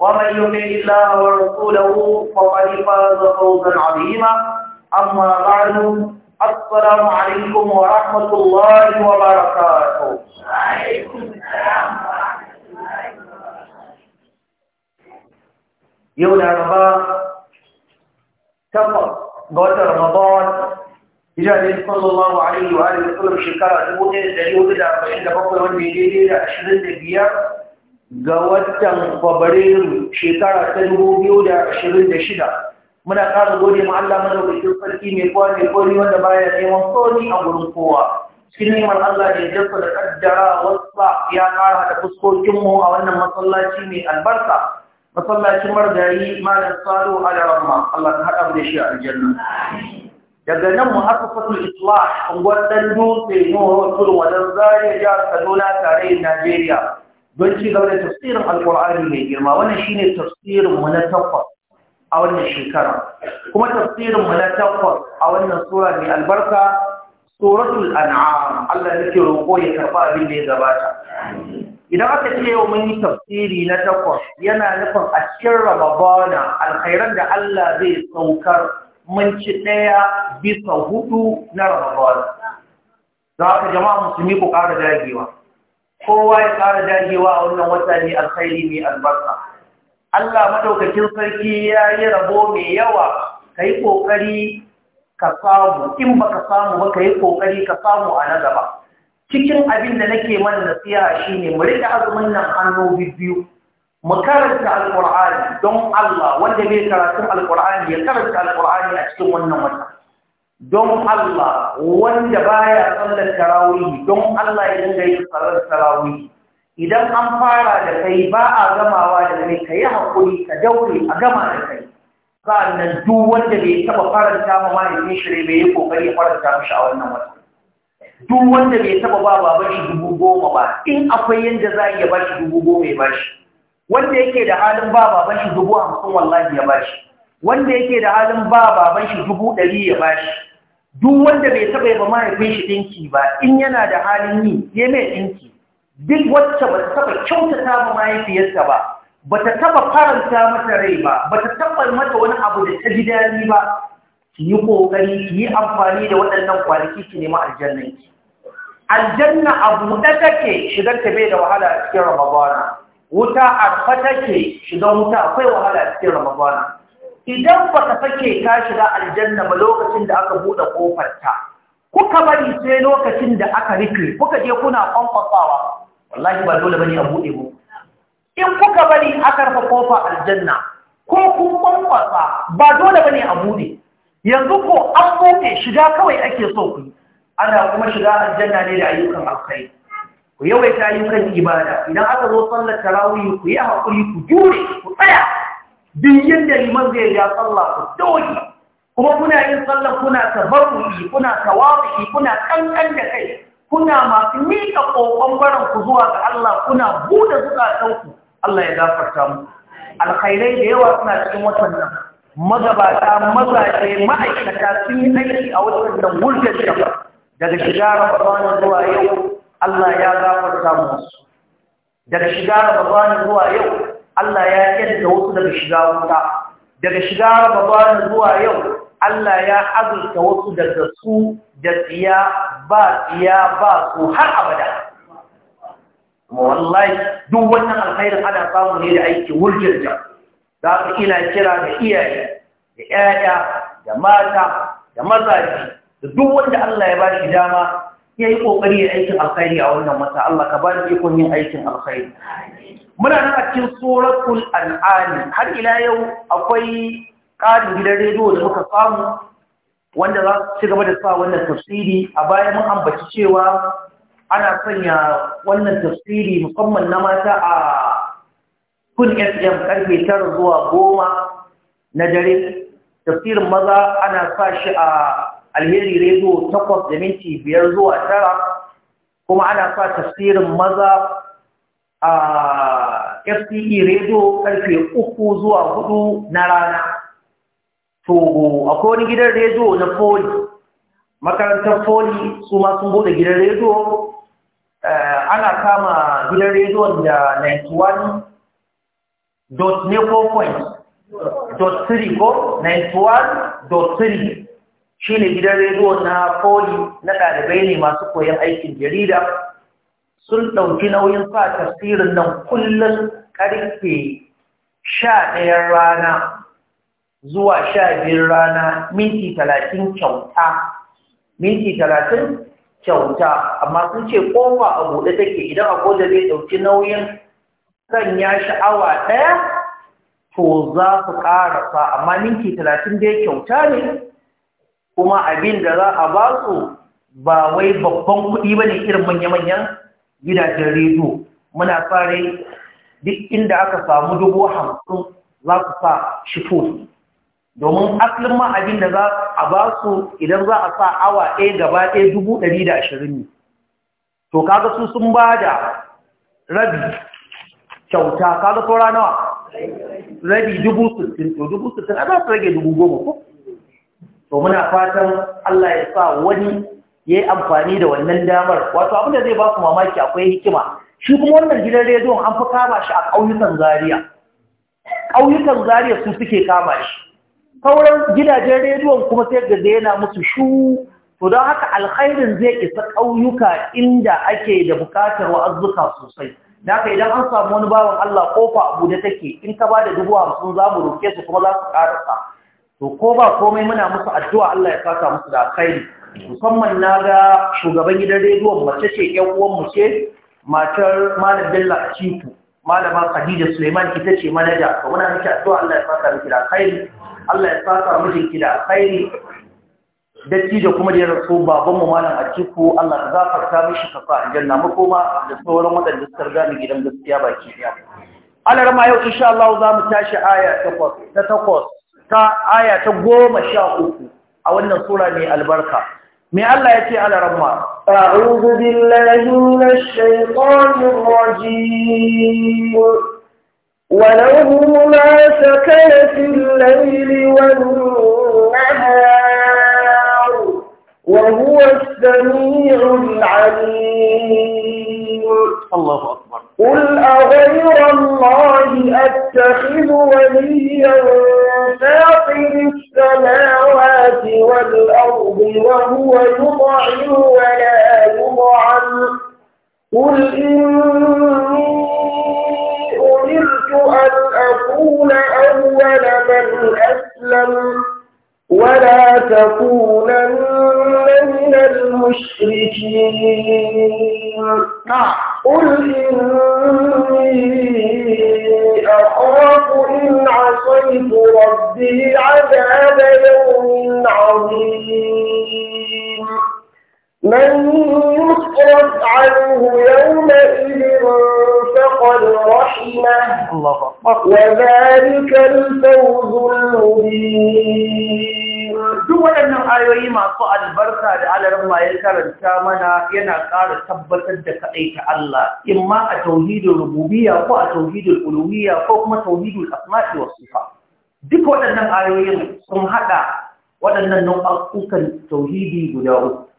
ومن يطع الله ورسوله فقد فاز فوزا عظيما اما بعد السلام عليكم ورحمه الله وبركاته وعليكم السلام ورحمه الله وبركاته يوم الاربعاء تفضل صلى الله عليه وآله وسلم شكرا alihi wa sallam shekara 1447 wanda ya daidai da 25 ga watan fabrairu shekara ta dubu biyu da ashirin da shida muna ƙara gode ma Allah madaukakin sarki mai kowa mai kori wanda baya neman kori a gurin kowa cikin neman Allah ne dafa da kaddara wasa ya ƙara fuskokinmu a wannan masallaci mai albarka masallacin margayi malam salo ala rahma Allah ta haɗa da shi a aljanna daga nan mu haka fatul islah unguwar dan dutse ne wa wasu zariya jihar kaduna tarayyar najeriya don ci gaba da tafsirin alkur'ani mai girma wannan shine tafsirin mu na takwas a wannan shekara kuma tafsirin mu na takwas a wannan sura mai albarka suratul an'am Allah nake roƙo ya karba abin da ya gabata idan aka ce yau mun yi tafsiri na takwas yana nufin a cikin ramadana alkhairan da Allah zai saukar mun ci ɗaya bisa hudu na ramadana za ka jama'a musulmi ku ƙara dagewa kowa ya ƙara dagewa a wannan wata ne alkhairi mai albarka Allah madaukakin sarki ya yi rabo mai yawa ka yi ƙoƙari ka samu in ba ka samu ba ka yi ƙoƙari ka samu a na gaba cikin abin da nake mana nasiha shine mu rika azumin nan hannu biyu mu karanta alƙur'ani don Allah wanda bai karatun alƙur'ani ya karanta alƙur'ani a cikin wannan wata don Allah wanda baya sallar tarawih don Allah ya dinga yin sallar tarawih idan an fara da kai ba a gamawa da kai kai hakuri ka daure a gama da kai sannan duk wanda bai taba faranta ma yin shirye bai yi kokari ya faranta mishi a wannan wata duk wanda bai taba ba baban shi dubu goma ba in akwai yanda za a iya ba shi dubu goma ya ba shi wanda yake da halin ba baban shi dubu hamsin wallahi ya ba shi wanda yake da halin ba baban shi dubu ɗari ya ba shi duk wanda bai taɓa yaba mahaifin shi ɗinki ba in yana da halin yi ya mai ɗinki duk wacce ba ta taɓa kyautata ma mahaifiyarta ba ba ta taɓa faranta mata rai ba ba ta taɓa mata wani abu da ta ji daɗi ba ki yi ƙoƙari ki yi amfani da waɗannan kwanaki ki nema aljanna ki aljanna abu da take shigar ta bai da wahala a cikin ramadana wuta arfa take shigar wuta akwai wahala a cikin ramadana idan ba ka fake ka shiga aljanna ba lokacin da aka buɗe ƙofarta kuka bari sai lokacin da aka rufe kuka je kuna kwankwasawa wallahi ba dole bane a buɗe mu in kuka bari aka rufe ƙofa aljanna ko kun kwankwasa ba dole bane a buɗe yanzu ko an buɗe shiga kawai ake so ku ana kuma shiga aljanna ne da ayyukan alkhairi ku yawaita ayyukan ibada idan aka zo sallar tarawih ku yi hakuri ku jure ku tsaya duk da liman zai ya sallah ku dole kuma kuna yin sallah kuna tabarruki kuna tawafi kuna kankan da kai kuna masu miƙa kokon barin ku zuwa ga Allah kuna buɗe zukatan ku Allah ya gafarta mu alkhairai da yawa suna cikin watan nan magabata mazaje ma'aikata sun yi aiki a watan nan wurgar daga shiga Ramadan zuwa yau Allah ya gafarta mu daga shiga Ramadan zuwa yau Allah ya yadda wasu daga shiga wuta daga shiga Ramadan zuwa yau Allah ya azurta wasu daga su da tsiya ba tsiya ba su har abada wallahi duk wannan alkhairin ana samu ne da aiki wurjirja za ku ina kira da iyaye da 'ya'ya da mata da mazaje da duk wanda Allah ya bashi dama ya yi ƙoƙari ya aikin alkhairi a wannan wata Allah ka ba da ikon yin aikin alkhairi muna nan a cikin tsoratul al'ani har ila yau akwai ƙarin gidan rediyo da muka samu wanda za su ci gaba da sa wannan tafsiri a bayan mun ambaci cewa ana sanya wannan tafsiri musamman na mata a kun fm karfe tara zuwa goma na dare tafsirin maza ana sa shi a alheri rediyo takwas da minti biyar zuwa tara kuma ana sa tafsirin maza a FCE radio karfe uku zuwa hudu na rana. To, akwai wani gidan radio na foli, makarantar foli su ma sun bude gidan radio, eh, ana kama gidan radio da 91.3 shi ne gidan radio na foli na ɗalibai ne masu koyon aikin jarida. sun ɗauki nauyin sa tasirin nan kullum ƙarfe sha ɗayan rana zuwa sha biyun rana minti talatin kyauta minti talatin kyauta amma sun ce ƙofa a buɗe take idan akwai da zai ɗauki nauyin kan ya sha'awa ɗaya to za su ƙarasa amma minti talatin dai kyauta ne kuma abin da za a ba su ba wai babban kuɗi ba ne irin manya-manyan gidajen rediyo muna fare duk inda aka samu dubu hamsin za su sa shifo domin asalin ma abin da za a ba su idan za a sa awa ɗaya gaba ɗaya dubu ɗari da ashirin ne to kaga su sun ba da rabi kyauta kaga saura nawa rabi dubu sittin to dubu sittin a za su rage dubu goma ko to muna fatan Allah ya sa wani ya yi amfani da wannan damar wato abin da zai ba mamaki akwai hikima shi kuma wannan gidan rediyon an fi kama shi a ƙauyukan zaria ƙauyukan zaria su suke kama shi sauran gidajen rediyon kuma sai ga yana musu shu to don haka alkhairin zai isa ƙauyuka inda ake da bukatar wa'azzuka sosai da haka idan an samu wani bawan Allah kofa abu da take in ka ba da dubu hamsin za mu roke su kuma za su ƙarasa to ko ba komai muna musu addu'a Allah ya fata musu da alkhairi musamman na ga shugaban gidan rediyon mace ce yan uwan ce matar malam Bello Ciku malama Khadija Suleiman ita ce manaja Ba muna miki addu'a Allah ya saka miki da alkhairi Allah ya saka miki da alkhairi dattijo kuma da ya rasu baban mu malam Atiku Allah ka gafarta mishi ka sa aljanna mu koma da sauran waɗanda suka riga gidan gaskiya baki daya Allah rama yau insha Allah za mu tashi aya ta takwas ta aya ta goma sha uku a wannan sura mai albarka من الله يتي على ربما أعوذ بالله من الشيطان الرجيم ولو ما سكن في الليل والنهار وهو السميع العليم الله أكبر قل أغير الله أتخذ وليا فاطر السماوات والأرض وهو يطعم ولا يطعم قل إني أمرت أن أكون أول من أسلم ولا تكونن من المشركين نعم. قل إني أخاف إن عصيت ربي عذاب يوم عظيم من يصرف عنه يومئذ فقد رحمه وذلك الفوز المبين duk waɗannan ayoyi masu albarka da alarin ya karanta mana yana ƙara tabbatar da kaɗai ta Allah in ma a Tauhidin rububiyya ko a Tauhidin uluhiyya ko kuma Tauhidin asma'i wa sifa duk waɗannan ayoyin sun haɗa waɗannan nau'ukan tauhidi guda uku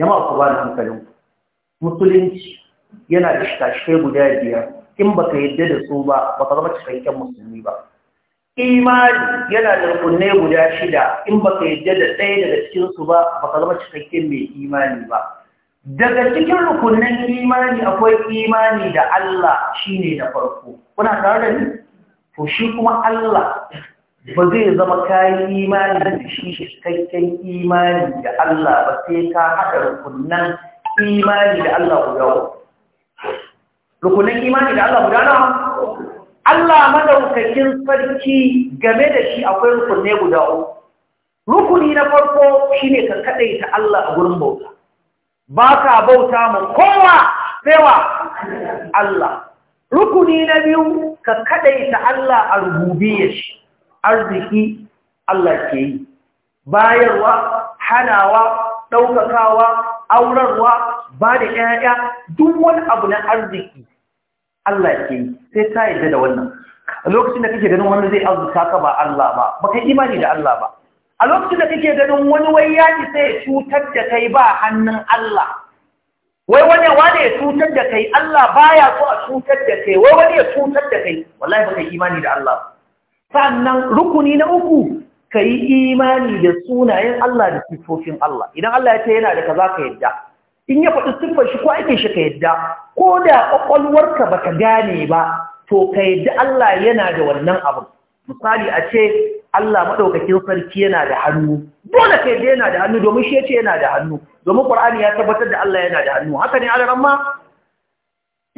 jama'a ku ba da hankalin musulunci yana da shikashikai guda biyar in baka yadda da su ba baka zama cikakken musulmi ba imani yana da rukunne guda shida in baka yadda da ɗaya daga cikin su ba baka zama cikakken mai imani ba daga cikin rukunnen imani akwai imani da Allah shine na farko kuna tare da ni to shi kuma Allah ba zai zama kayan imani da shi cikakken imani da Allah ba sai ka haɗa rukunan imani da Allah guda rukunan imani da Allah guda nawa Allah madaukakin sarki game da shi akwai rukunai guda uku rukuni na farko shi ne ka ta Allah a gurin bauta ba ka bauta ma kowa tsewa Allah rukuni na biyu ka ta Allah a rububiyar shi arziki Allah ke yi bayarwa hanawa ɗaukakawa aurarwa ba da ƴaƴa duk wani abu na arziki Allah ke yi sai ta yarda da wannan a lokacin da kake ganin wani zai arzuta ka ba Allah ba ba kai imani da Allah ba a lokacin da kake ganin wani wai ya ki sai cutar da kai ba hannun Allah wai wani wani ya cutar da kai Allah baya so a cutar da kai wai wani ya cutar da kai wallahi ba kai imani da Allah ba sannan rukuni na uku ka yi imani da sunayen Allah da sifofin Allah idan Allah ya ce yana da kaza ka yadda in ya faɗi siffar shi ko ake shi ka yadda ko da ƙwaƙwalwarka ba ka gane ba to ka yadda Allah yana da wannan abun. misali a ce Allah maɗaukakin sarki yana da hannu dole ka yadda yana da hannu domin shi ya ce yana da hannu domin ƙwar'ani ya tabbatar da Allah yana da hannu haka ne alaran ma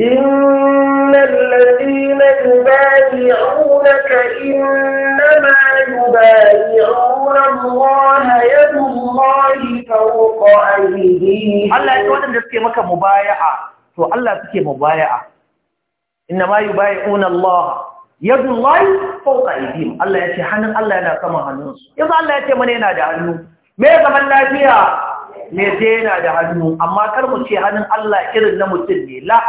إن الذين يبايعونك إنما يبايعون الله يد الله فوق أيديهم الله يقول لك مك مبايعة تو الله تكي مبايعة إنما يبايعون الله يد الله فوق أيديهم الله يتي حنن الله ينا كما حنن يبقى الله يتي من ينا ده حنن ما زمن لا فيها ne daina da hannu amma kar mu ce hannun Allah irin na mutum ne la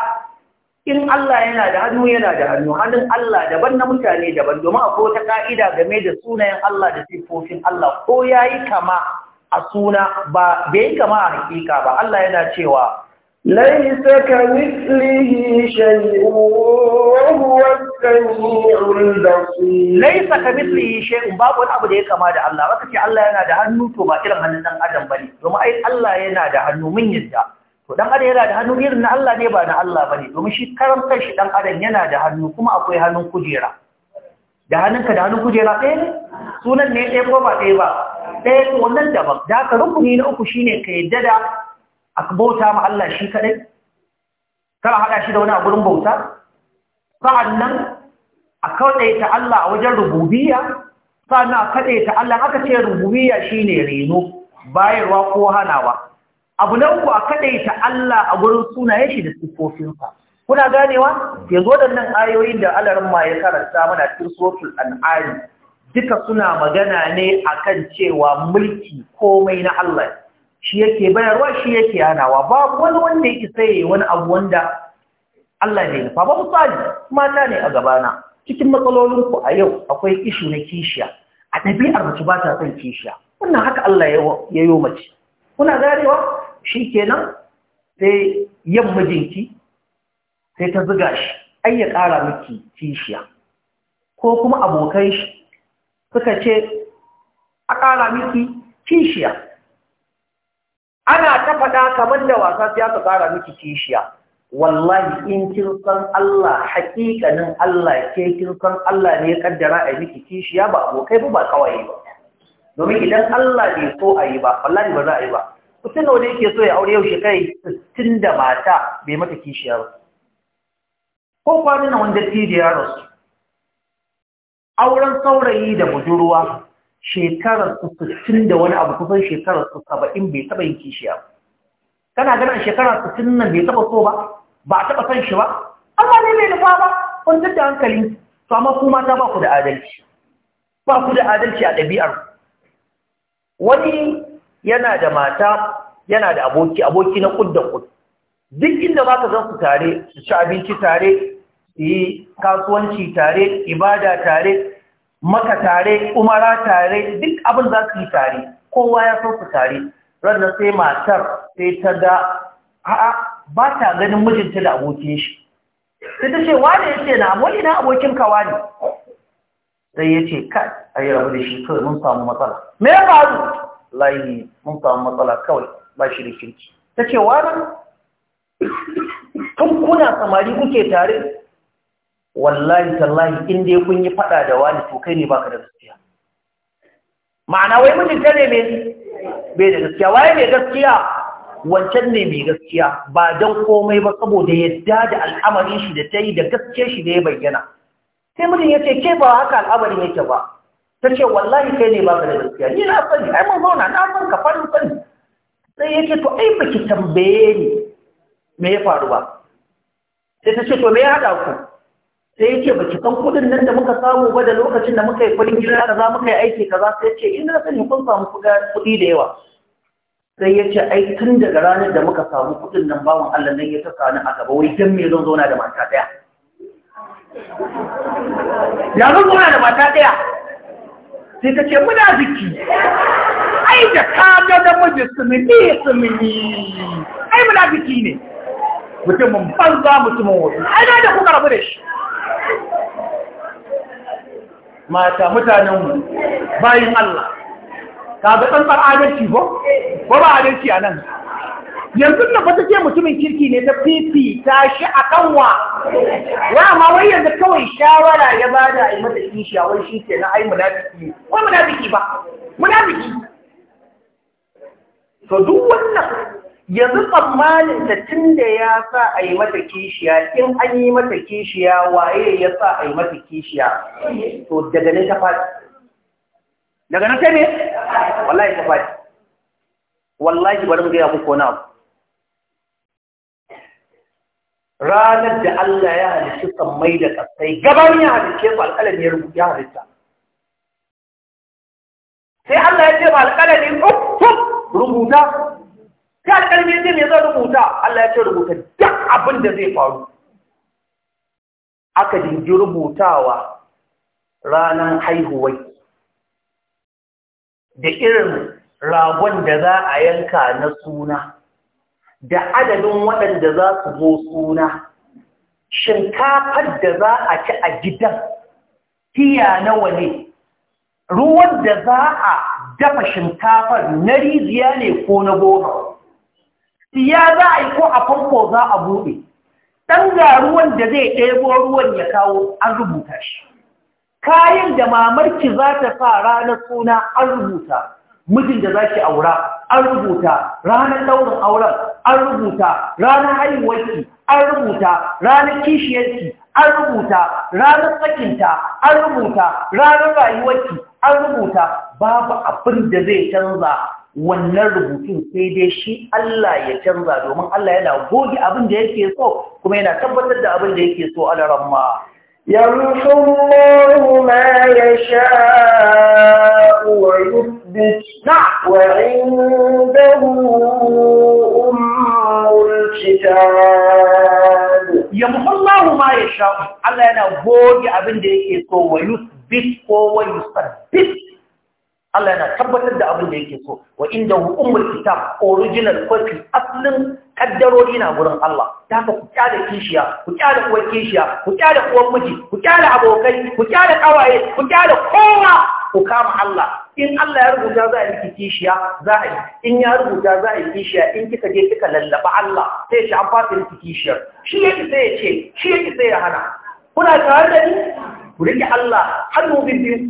in Allah yana da hannu yana da hannu hannun Allah daban na mutane daban domin akwai wata ka'ida game da sunayen Allah da sifofin Allah ko ya yi kama a suna ba bai kama a hakika ba Allah yana cewa laysa ka mithlihi shay'un wa samiul basir laysa ka shay'un babu wani abu da ya kama da Allah baka ce Allah yana da hannu to ba irin hannun dan adam ba ne. domin ai Allah yana da hannu mun yadda to dan adam yana da hannu irin na Allah ne ba na Allah bane domin shi karantar shi dan adam yana da hannu kuma akwai hannun kujera da hannunka da hannun kujera ɗaya ne sunan ne ɗaya ko ba ɗaya ba ɗaya ko wannan daban da haka rukuni na uku shine ka yadda da aka bauta ma Allah shi kaɗai kar haɗa shi da wani a gurin bauta sa'annan a kaɗaita Allah a wajen rububiyya sa'annan a kaɗaita Allah aka ce rububiyya shine reno bayarwa ko hanawa abu na uku a kaɗaita Allah a gurin sunaye shi da sifofinsa kuna ganewa da nan ayoyin da alarin ya karanta mana cikin suratul duka suna magana ne a kan cewa mulki komai na Allah shi yake bayarwa shi yake yanawa. babu wani wanda yake saye wani abu wanda Allah ne nufa ba misali mata ne a gabana cikin matsalolinku a yau akwai ishu na kishiya a ɗabi'ar mace ba ta son kishiya wannan haka Allah ya yi mace kuna garewa shi kenan sai yin mijinki sai ta ziga shi ai ya ƙara miki kishiya ko kuma abokan shi suka ce a ƙara miki kishiya ana ta faɗa kamar da wasa ya ta ƙara miki kishiya wallahi in kin san Allah haƙiƙanin Allah ke kin san Allah ne ya ƙaddara a miki kishiya ba abokai ba ba kawai ba domin idan Allah bai so a yi ba wallahi ba za a yi ba da wani yake so ya aure yau shekarai tun da mata bai mata kishiya ba ko kwanan nan wanda tidi ya rasu auren saurayi da budurwa shekarar su sittin da wani abu kusan shekarar su saba'in bai taba yin kishiya ba kana ganin shekarar sittin nan bai taba so ba ba a taba san shi ba amma ne bai nufa ba kun da hankali to amma kuma ta ba ku da adalci ba ku da adalci a ɗabi'ar wani yana da mata yana da aboki aboki na kudda kud duk inda ba ka zan su tare su ci abinci tare su yi kasuwanci tare ibada tare maka tare umara tare duk abin za su yi tare kowa ya san su tare ranar sai matar sai ta da a'a ba ta ganin mijinta da abokin shi sai ta ce wane ya ce na wani na abokin ka ne sai ya ce kai a yi rabu da shi kawai mun samu matsala me ya faru layi mun samu matsala kawai ba shi da kirki ta ce wa nan tun kuna samari kuke tare wallahi tallahi in dai kun yi fada da wani to kai ne baka da gaskiya ma'ana wai mijinta ne bai da gaskiya waye mai gaskiya wancan ne mai gaskiya ba don komai ba saboda yadda da al'amarin shi da ta yi da gaske shi da ya bayyana sai mutum ya ce ke ba haka al'amarin yake ba ta ce wallahi kai ne ba ka da gaskiya ni na sani ai mun zauna na san ka farin sani sai ya ce to ai ba ki tambaye ni me ya faru ba sai ta ce to me ya hada ku sai ya ce ba ki san kuɗin nan da muka samu ba da lokacin da muka yi kuɗin gida da za muka yi aiki kaza sai ya ce in na sani kun samu kuɗi da yawa sai ya ce ai tun daga ranar da muka samu kuɗin nan bawan Allah nan ya saka ni a gaba wai dan me zan zauna da mata ɗaya ya muna da mata ɗaya sai ka ce muna ziki ai da ka ga namiji sumini sumini ai muna ziki ne mutumin banza mutumin wasu ai da kuka rabu da shi mata mutanenmu bayan Allah ka ga tsantsar adalci ko ba ba adalci a nan yanzu na fata ce mutumin kirki ne ta fifita shi a kanwa ya ma wai yanzu kawai shawara ya ba da a yi mata kishiya wai shi ke na ai munafiki ne wai munafiki ba munafiki to duk wannan yanzu tsammanin da tun da ya sa a yi mata kishiya in an yi mata kishiya waye ya sa a yi mata kishiya to daga nan ta faɗi daga nan ta ne wallahi ta faɗi wallahi bari mu gaya ku kona abu ranar da Allah ya halitta sammai da kasai gaban ya halitta ba alƙalami ya rubuta ya halitta sai Allah ya ce ba alƙalami uktum rubuta sai alƙalami ya ce me zan rubuta Allah ya ce rubuta duk abin da zai faru aka dingi rubutawa ranar haihuwai da irin ragon da za a yanka na suna da adadin waɗanda za su zo suna shinkafar da za a ci a gidan tiya nawa ne ruwan da za a dafa shinkafar na riziya ne ko na goma siya za a yi ko a famfo za a buɗe ɗan ga ruwan da zai ɗebo ruwan ya kawo an rubuta shi kayan da mamarki za ta sa ranar suna an rubuta mijin da za ki aura an rubuta ranar ɗaurin auren an rubuta ranar haihuwarki an rubuta ranar kishiyarki an rubuta ranar tsakinta an rubuta ranar rayuwarki an rubuta babu abin da zai canza wannan rubutun sai dai shi Allah ya canza domin Allah yana goge abin da yake so kuma yana tabbatar da abin da yake so a ramma. يمحو الله ما يشاء ويثبت ربك ma ya الكتاب Allah yana goge يشاء الله أنا بودي أبن ديك يسو ويثبت ويثبت Allah yana tabbatar da abin da yake so wa inda hukumar kitab original copy asalin kaddarori na gurin Allah ta haka ku kyada kishiya ku kyada uwar kishiya ku kyada uwar miji ku kyada abokai ku kyada kawaye ku kyada kowa ku kama Allah in Allah ya rubuta za a yi kishiya za a yi in ya rubuta za a yi kishiya in kika je kika lallaba Allah sai shi an fasa yi kishiyar shi yake sai ya ce shi yake sai ya hana kuna tare da ni ku rike Allah hannu biyu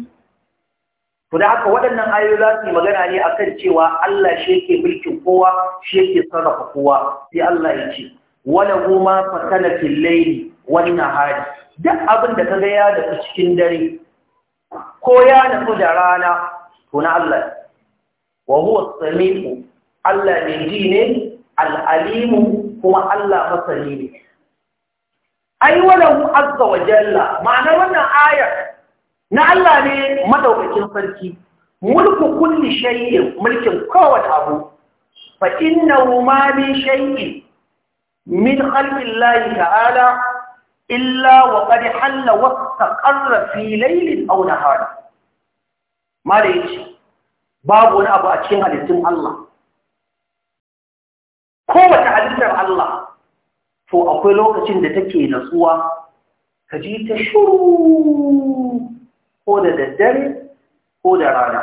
Ku da haka waɗannan ayoyi za su yi magana ne a kan cewa Allah shi yake mulkin kowa, shi yake sarrafa kowa, sai Allah ya ce, wala goma fasala fillayi wani nahari, duk abin da ka ga ya daga cikin dare, ko ya nufu da rana to na Allah wa huwa samiu Allah ne ji ne al'alimu kuma Allah masani ne ai walahu azza wa jalla Ma'ana wannan ayar na Allah ne madaukakin sarki mulku kulli shay'in mulkin kowace abu fa na ma min shay'in min khalqi Allah ta'ala illa wa qad halla wa taqarra fi laylin aw nahar mala yace babu wani abu a cikin halittun Allah kowace halittar Allah to akwai lokacin da take natsuwa ka ji ta shiru, ko da daddare ko da rana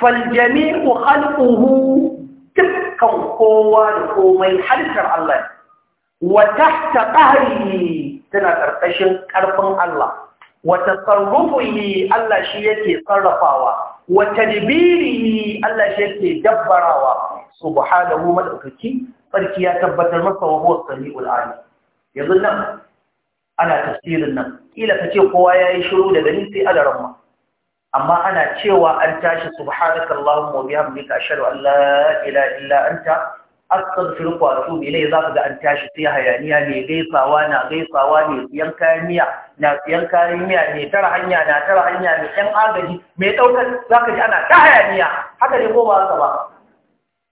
faljami'u khalquhu dukkan kowa da komai halittar Allah Wata tahta tana ƙarƙashin ƙarfin Allah Wata tasarrufihi Allah shi yake sarrafawa wata tadbirihi Allah shi yake dabbarawa subhanahu madaukaki sarki ya tabbatar masa wa huwa samiul ul'ani. yanzu nan ana tafsirin nan ka ce kowa yayi shiru da gani sai adaran amma ana cewa an tashi subhanakallahumma wa bihamdika ashhadu an la astaghfiruka kwatu, ne ilayhi za ka ga an tashi sai hayaniya ne gaisawa na gaisawa ne siyan kayan miya na siyan kayan miya ne tara hanya na tara hanya ne yan agaji mai daukar za ka ji ana ta hayaniya haka ne ko ba haka ba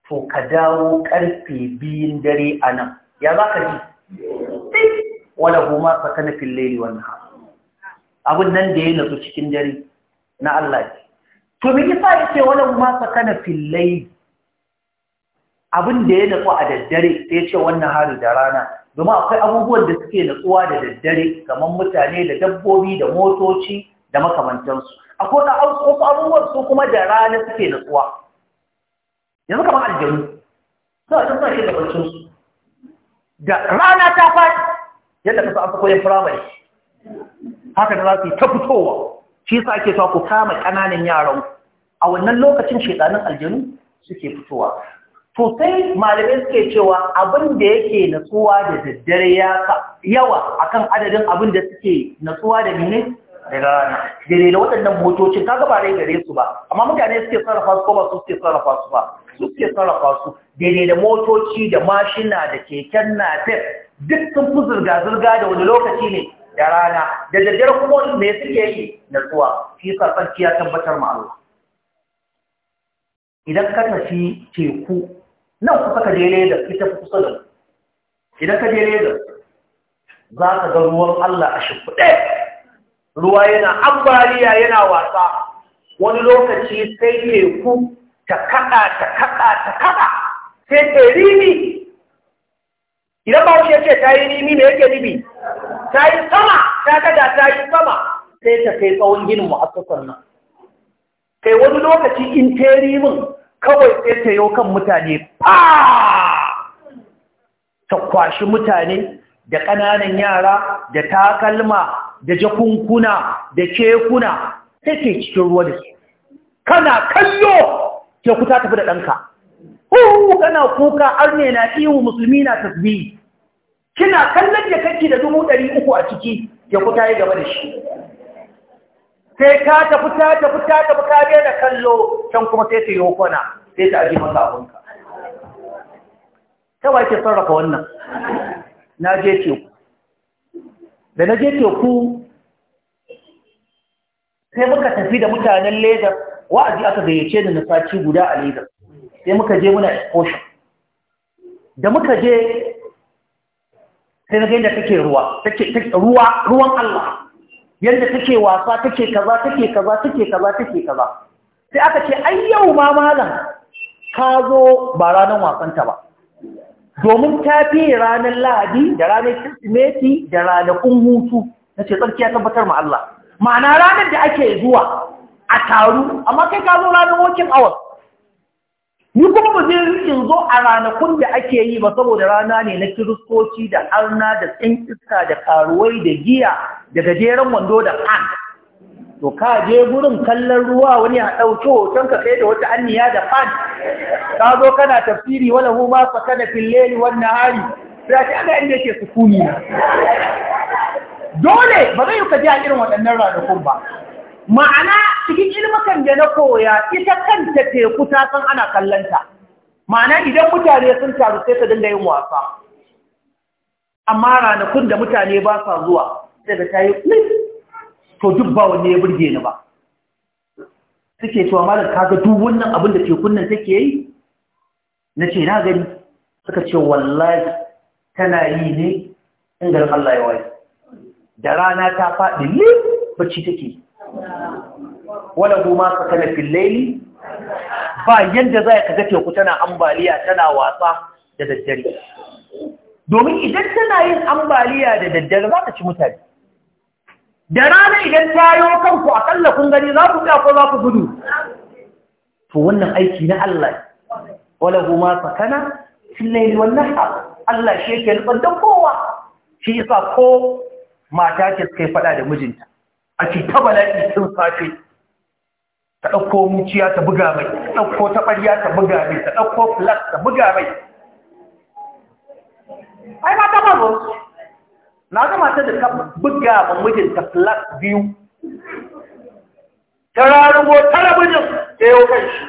to ka dawo karfe biyun dare a nan ya za ka ji wala goma tsakanin filleli wannan abin nan da ya nasu cikin dare na Allah ce to me yasa yake wala goma tsakanin filleli abin da ya natsu a daddare sai ce wannan hari da rana domin akwai abubuwan da suke natsuwa da daddare kamar mutane da dabbobi da motoci da makamantansu akwai wasu abubuwan su kuma da rana suke natsuwa yanzu kamar aljanu suna can suna shirya su da rana ta faɗi yadda ka sa an yin firamare haka da za su yi ta fitowa shi sa ake cewa ku kama ƙananan yaran a wannan lokacin shaidanin aljanu suke fitowa to sai malamai suke cewa abin da yake natsuwa da daddare ya yawa akan adadin abin da suke natsuwa da mene da rana da waɗannan motocin kaga gaba rai gare su ba amma mutane suke sarrafa su ko ba su suke sarrafa su ba su suke sarrafa su daidai da motoci da mashina da keken tef duk sun fi zirga-zirga da wani lokaci ne da rana da daddare kuma me suke yi natsuwa shi sarfanci ya tabbatar ma Allah idan ka tafi teku nan kusa ka je Legas ita fi kusa da idan ka je Legas za ka ga ruwan Allah a shimfiɗe ruwa yana ambaliya yana wasa wani lokaci sai teku ta kaɗa ta kaɗa ta kaɗa sai ta rimi idan ba wuce ce ta yi rimi ne yake rini ta yi sama ta kaɗa ta yi sama sai ta kai tsawon ginin mu'assasar nan kai wani lokaci in ta rimin kawai sai ta yau kan mutane ba ta kwashi mutane da ƙananan yara da takalma da jakunkuna da kekuna sai cikin ruwa da su kana kallo teku ta tafi da ɗanka huhu kana kuka arne na ihu musulmi na tasbi. kina kallon da kake da dubu ɗari uku a ciki ku ta yi gaba da shi sai ka tafi ta tafi ta tafi ka daina kallo can kuma sai ta yi kwana sai ta aji maka abinka ta wace sarrafa wannan na je teku da na je teku sai muka tafi da mutanen ledar wa'azi aka gayyace da na guda a ledar sai muka je muna exposure da muka je sai na ga da take ruwa ruwan Allah yadda take wasa take kaza take kaza take kaza take kaza sai aka ce ai yau ma malam ka zo ba ranar wasanta ba domin ta fi ranar lahadi da ranar kirsimeti da ranakun hutu na ce tsarki ya tabbatar ma Allah ma'ana ranar da ake zuwa a taru amma kai ka zo ranar working hours ni kuma mu je in zo a ranakun da ake yi ba saboda rana ne na kiristoci da arna da tsin iska da karuwai da giya da gajeren wando da pan to ka je gurin kallon ruwa wani ya ɗauki hoton ka kai da wata anniya da pan ka zo kana tafsiri wala hu ma fa kana fil layli wan nahari sai ka ga inda yake sukuni dole ba zai ka je a irin waɗannan ranakun ba ma'ana cikin ilmukan da na koya ita kanta teku ta san ana kallanta ma'ana idan mutane sun taru sai ta dinga yin wasa amma ranakun da mutane ba sa zuwa sai da ta yi to duk ba wanne ya burge ni ba suke cewa da kaga duk wannan abin da tekun nan take yi na ce na gani suka ce wallahi tana yi ne in garin Allah ya waye da rana ta faɗi ne bacci take yi wala kuma ka kana fillaili ba yadda za ka ga teku tana ambaliya tana watsa da daddare domin idan tana yin ambaliya da daddare za ta ci mutane da rana idan ta yi kanku akalla kun gani za ku ko za ku gudu to wannan aiki na Allah wala kuma sakana wal wannan Allah shi yake lubar kowa shi yasa ko mata ce Kai fada da mijinta a ce ta bala'i sun safe ta ɗauko muciya ta buga mai ta ɗauko taɓarya ta buga mai ta ɗauko flas ta buga mai ai ba ta mazo na zama ta da ta buga ma mijinta flas biyu ta rarugo ta rabijin ta yau kan shi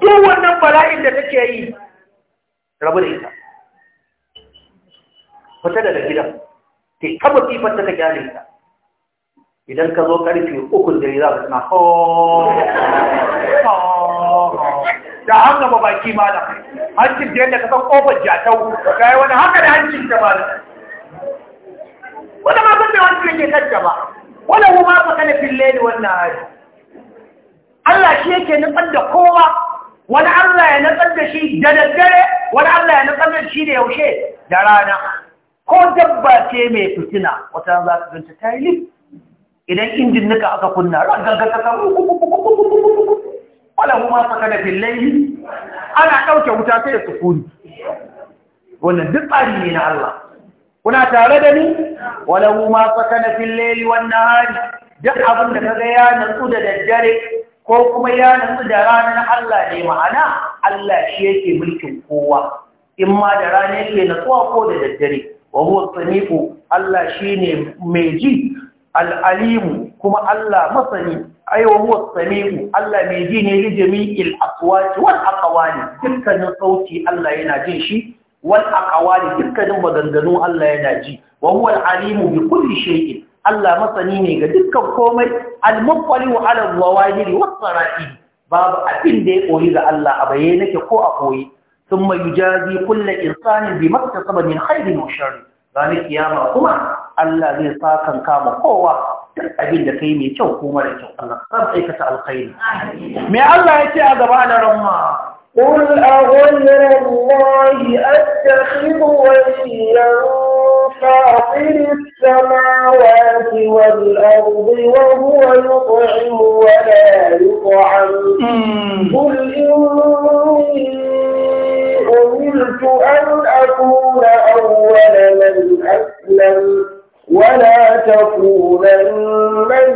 duk wannan bala'in da take yi rabu da ita fita daga gidan ta yi kama fifar ta ta gyale idan ka zo karfe ukun dare za ka suna da an gaba baki ma mana hancin da yadda ka san kofar jatau ga yi wani haka da hancin da ba wanda ma ban da wani yake kanta ba wala hu ma fa kana fil layli wan nahar Allah shi yake nutsar da kowa wani Allah ya nutsar da shi da daddare wani Allah ya nutsar da shi da yaushe da rana ko dabba ce mai fitina wata za ka ganta ta yi idan injin nuka aka kunna wala kuma saka da fillayi ana ɗauke wuta sai ya sukuni wannan duk tsari ne na Allah kuna tare da ni wala kuma saka da fillayi wannan hari duk abin da kaga ya nutsu da daddare ko kuma ya nutsu da ranar Allah ne ma'ana Allah shi yake mulkin kowa in ma da rana yake natsuwa ko da daddare wa huwa sami'u Allah shine mai ji al'alimu kuma Allah masani aiwa huwa Allah mai ji ne li jami'il aqwati wal aqwali dukkanin sauti Allah yana jin shi wal aqwali dukkanin maganganu Allah yana ji wa huwa al'alimu bi kulli shay'in Allah masani ne ga dukkan komai al-muqwali wa ala zawahiri was sara'ir babu abin da ya koyi ga Allah a bayyane ke ko a koyi thumma yujazi kulle insanin bi maktasaba min khairin wa sharri ranar kiyama kuma Allah zai sakan kama kowa duk abin da kai mai kyau ko mara kyau Allah san aikata alkhairi me Allah yake a gaba da ramma قل أغير الله أتخذ وليا فاطر السماوات والأرض وهو يطعم ولا يطعم قل إني أمرت أن أكون تكونن ولا تكونن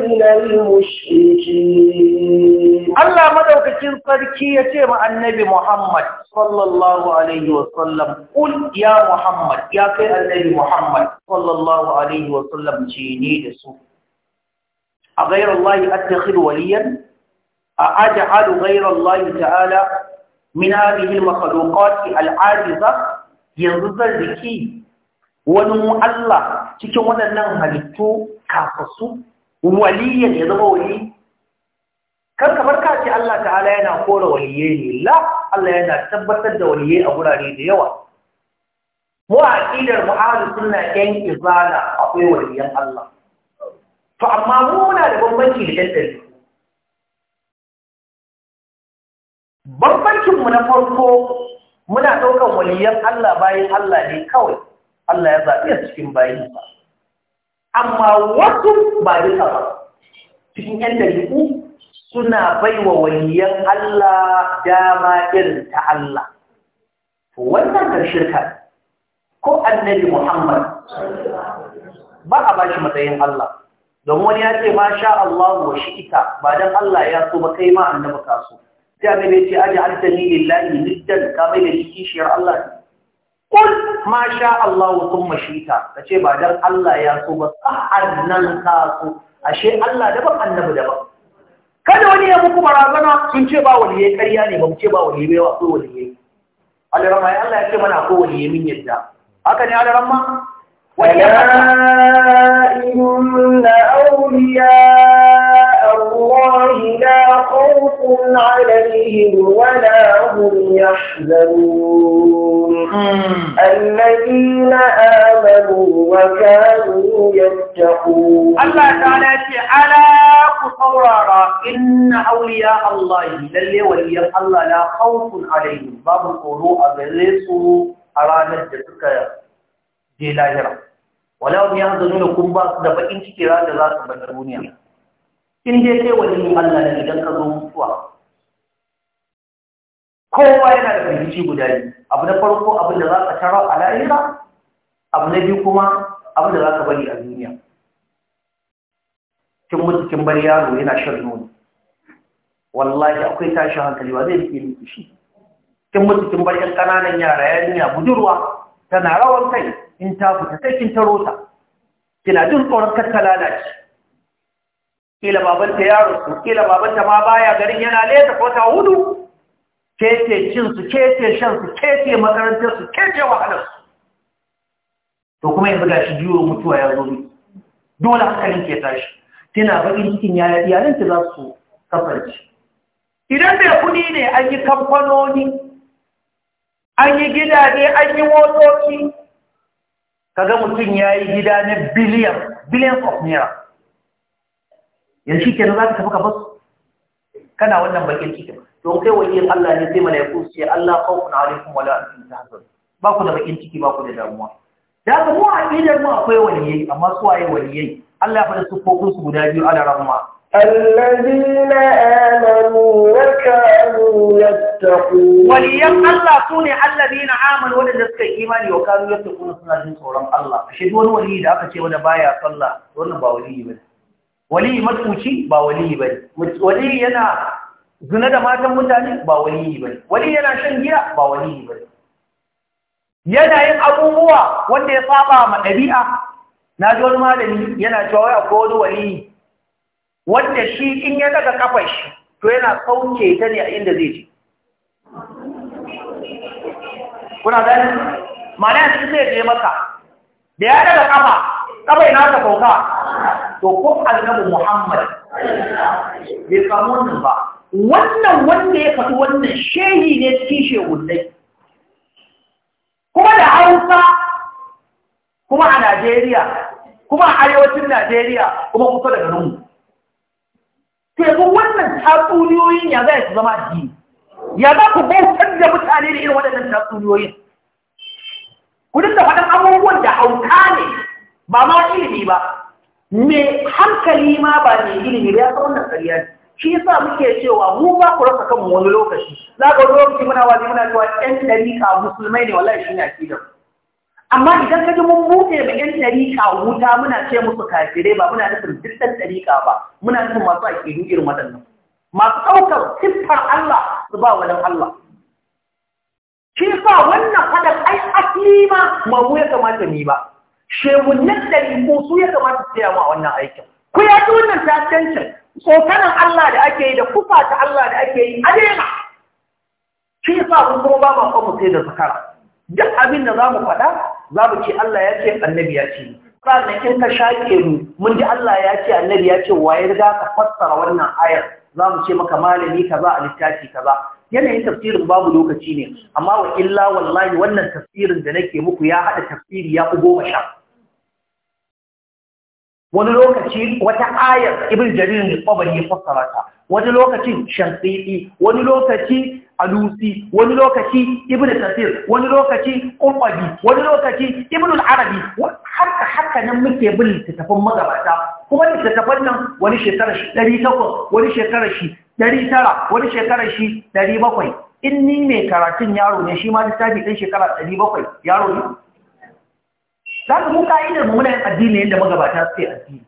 من المشركين الله مدوكتين صدقي يتيم النبي محمد صلى الله عليه وسلم قل يا محمد يا كي النبي محمد صلى الله عليه وسلم جيني دسو أغير الله أتخذ وليا أجعل غير الله تعالى من هذه المخلوقات العاجزة ينظر ذكي wani Allah cikin waɗannan halittu kafasu waliyan ya zama wali kar ka barka ce Allah ta'ala yana kora waliye ne la Allah yana tabbatar da waliye a wurare da yawa mu a ƙidar mu'adu suna ɗan izala akwai waliyan Allah to amma muna da bambanci da ɗan ɗari bambancinmu na farko muna ɗaukar waliyan Allah bayan Allah ne kawai Allah ya zaɓi a cikin bayinsa amma wasu ba bisa ba cikin ‘yan daliku suna baiwa waliyan Allah dama irin ta Allah wannan kan shirka ko annabi Muhammad ba a ba shi matsayin Allah don wani ya ce ma sha Allah wa shi ita ba don Allah ya so ba kai ma annaba kaso sai annabi ya ce aji altani lillahi niddan ka mai da shi kishiyar Allah Kun ma sha Allah wa kuma shita, ka ce ba don Allah ya so ba sa'annan ka so, ashe Allah daban annabi daban. Kada wani ya muku barazana sun ce ba waliye karya ne ba mu ce ba waliye bai wa ko waliye. Alarama ya Allah ya ce mana ko waliye min yadda. Haka ne alarama? Wala inna awliya خوف عليهم ولا هم يحزنون الذين آمنوا وكانوا يتقون الله تعالى على قصورا إن أولياء الله للي ولي الله لا خوف عليهم باب القروء بالرسو أرادت تسكى جلاهرة ولا هم يحزنون كم باس دفئين شكرا لذات من الدنيا in dai kai wani Allah da idan ka zo mutuwa kowa yana da fahimci guda biyu abu na farko abin da za ka tara a lahira abu na biyu kuma abin da za ka bari a duniya kin mutu kin bar yaro yana shan nono wallahi akwai tashin hankali ba zai rike miki shi kin mutu kin bar yan kananan yara yarinya budurwa tana rawar kai in ta fita sai kin taro ta kina jin tsoron kar ta lalace kila babanta ya rasu kila babanta ma baya garin yana leta ko ta hudu kece cin su kece shan su kece makarantar su kece wahalar su to kuma yanzu gashi jiwo mutuwa ya zo dole hankalin ke tashi tana bakin cikin yaya iyalanta za su kafarci idan mai kudi ne an yi kamfanoni an yi gidaje an yi motoci kaga mutum ya yi gida na biliyan billions of naira yanzu kenan za ka tafi ka basu kana wannan bakin cikin don kai wajen Allah ne sai malaiku su ce Allah khawfun alaikum wala antum tahzanun ba ku da bakin ciki ba ku da damuwa da ka mu a idan mu akwai waliyai amma su waye waliyai Allah ya faɗa sufofin su guda biyu ala rahma الذين آمنوا وكانوا يتقون وليم الله سوني الذين آمنوا ولن تسكي إيماني وكانوا يتقون سنة جنس ورم الله أشهد ولي إذا أكتب ولا بايا صلى ورن باولي بس waliyi matsuci ba waliyi ba waliyi yana zina da matan mutane ba waliyi ba waliyi yana shan giya ba waliyi ba yana yin abubuwa wanda ya saba ma ɗabi'a na ji wani malami yana cewa wai akwai wani waliyi wanda shi in ya daga kafar shi to yana sauke ta ne a inda zai je kuna gani ma'ana shi zai je maka da ya daga kafa kafa ina ta kauka to ko annabi Muhammad bai samu nan ba wannan wanda ya faɗi wannan shehi ne cikin shehunnai kuma da Hausa kuma a Najeriya kuma a arewacin Najeriya kuma kusa da garinmu teku wannan tatsuniyoyin ya za su zama addini ya za ku bautar da mutane da irin waɗannan tatsuniyoyin ku dinga faɗin abubuwan da hauta ne ba ma ilimi ba me hankali ma ba ne ilimi ba ya san wannan ƙarya ne shi yasa muke cewa mu ba ku rasa kanmu wani lokaci za ga lokaci muna wani muna cewa ɗan ɗariƙa musulmai ne wallahi shi ne aƙidar amma idan ka ji mun buɗe mu ɗan ɗariƙa wuta muna ce musu kafirai ba muna nufin duk ɗan ba muna nufin masu aƙidu irin waɗannan masu ɗaukar siffar Allah su ba wani Allah shi yasa wannan faɗar ai asli ma ba mu ya kamata ni ba shegunan ɗariƙo su ya kamata su tsaya a wannan aikin ku ya ci wannan tasirancin tsokanan Allah da ake yi da kufa ta Allah da ake yi a nema. shi yasa sa kuma ba ma kwamu sai da zakara duk abin da za mu faɗa za mu ce Allah ya ce annabi ya ce sannan in ka shaƙe mu mun ji Allah ya ce annabi ya ce ya riga ka fassara wannan ayar za mu ce maka malami kaza a littafi kaza yanayin tafsirin babu lokaci ne amma wa illa wallahi wannan tafsirin da nake muku ya haɗa tafsiri ya fi goma sha wani lokaci wata ayar ibn jarir ne kwabar ya fassara ta wani lokacin shamsidi wani lokaci alusi wani lokaci ibn tafsir wani lokaci qurbi wani lokaci ibn al-arabi haka haka nan muke bin littattafan magabata kuma littattafan nan wani shekarar shi wani shekara ɗari tara wani shekarar shi ɗari bakwai in ni mai karatun yaro ne shi ma littafi ɗin shekara ɗari bakwai yaro ne za ka mu ka'idar mu muna yin addini yadda magabata su yi addini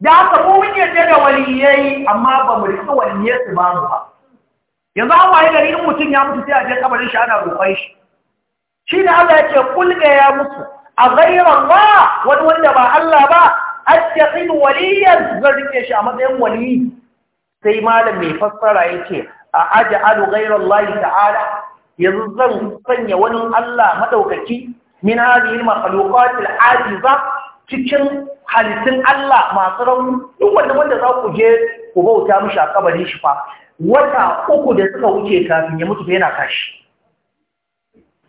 da haka mu mun yarda da waliyai amma ba mu riƙa waliyai su ba mu ba yanzu an waye gari in mutum ya mutu sai a je kabarin shi ana roƙon shi shi ne Allah ya ce kulga ya musu a ghairan ba wani wanda ba Allah ba attaqidu waliyan zan rike shi a matsayin waliyi sai malam mai fassara yake a aj'alu ghayra Allah ta'ala yanzu zan sanya wani Allah madaukaki min hadhihi al-makhluqat al cikin halittun Allah masu rauni duk wanda wanda za ku je ku bauta mishi a kabarin shi fa wata uku da suka wuce kafin ya mutu yana kashi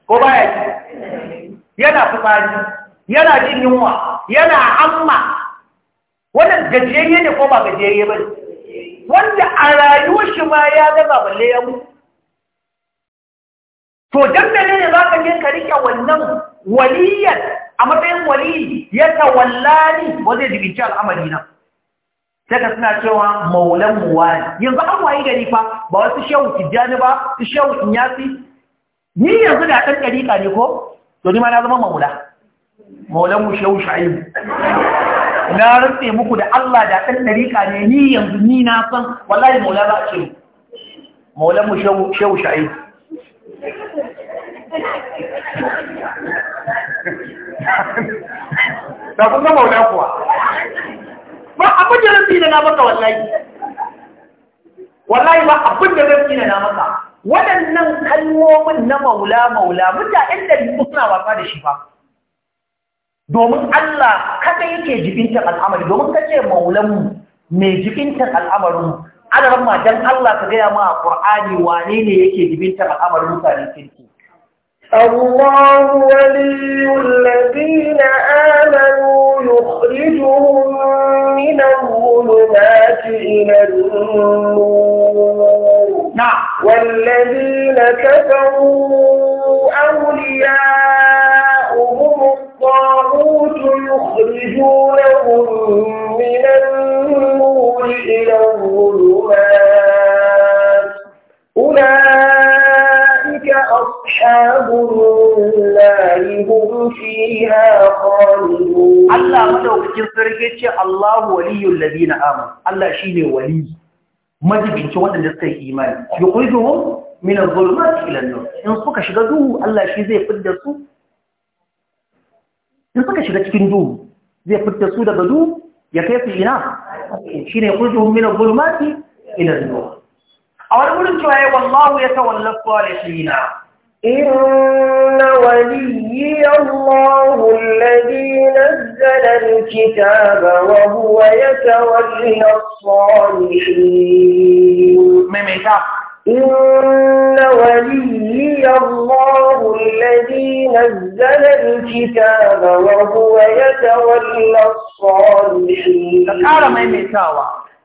ko ce yana fitsari yana jin yunwa yana amma wannan gajiyayye ne ko ba gajiyayye ba ne wanda a rayuwar shi ma ya gaba balle ya mu to da ne za ka je ka rike wannan waliyar a matsayin waliyi ya tawallani ba zai jibinci al'amari na sai ka suna cewa maulan muwani yanzu an wayi gari fa ba wasu shehu tijjani ba su shehu inyasi ni yanzu da ɗan ɗariƙa ne ko to ni ma na zama maula maulan mu shehu sha'ibu na rufe muku da Allah da ɗan ɗariƙa ne ni yanzu ni na san wallahi maula za a ce mu maulan mu shehu sha'i da kun ga maula kuwa ba abin da rantsi na maka wallahi wallahi ba abin da rantsi na maka waɗannan kalmomin na maula maula da ɗari suna wasa da shi ba domin Allah kada yake jibintar al'amari domin kace maulanmu mai jibintar al'amarinmu adaran ma Allah ka gaya ma ƙur'ani wane ne yake jibintar al'amarin mutane kirki الله ولي الذين آمنوا يخرجهم من الظلمات إلى النور نعم والذين كفروا أولياء الطاغوت يخرجونهم من النور إلى الظلمات أولئك أصحاب النار هم فيها خالدون الله مدوكتين سرقة الله ولي الذين آمنوا الله شيني ولي majibinci waɗanda suka yi imani yukhrijuhum min adh-dhulumati ila an-nur in suka shiga duhu Allah shi zai fidda su in suka shiga cikin duhu zai fitta su daga duhu ya kai su ina shi ne kurjuhun minar gulmati ila zuwa a wani wurin cewa ya wallahu ya tawallafa da shi na إن ولي الله الذي نزل الكتاب وهو يتولى الصالحين إن الكتاب وهو يتولى الصالحين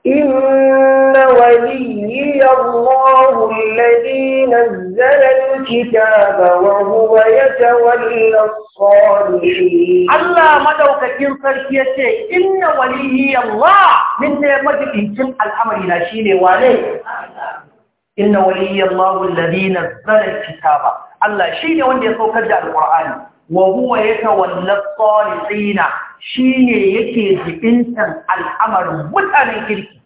إن وليي الله الذي نزل الكتاب وهو يتولى الصالحين الله مدوك كنصر كيسي إن وليي الله من نعمتك إنتم الأمر إلى شيني وعليه إن وليي الله الذي نزل الكتاب الله شيني وانده يسوكد القرآن wa huwa yatawalla salihina shine yake jibintan al'amarin mutanen kirki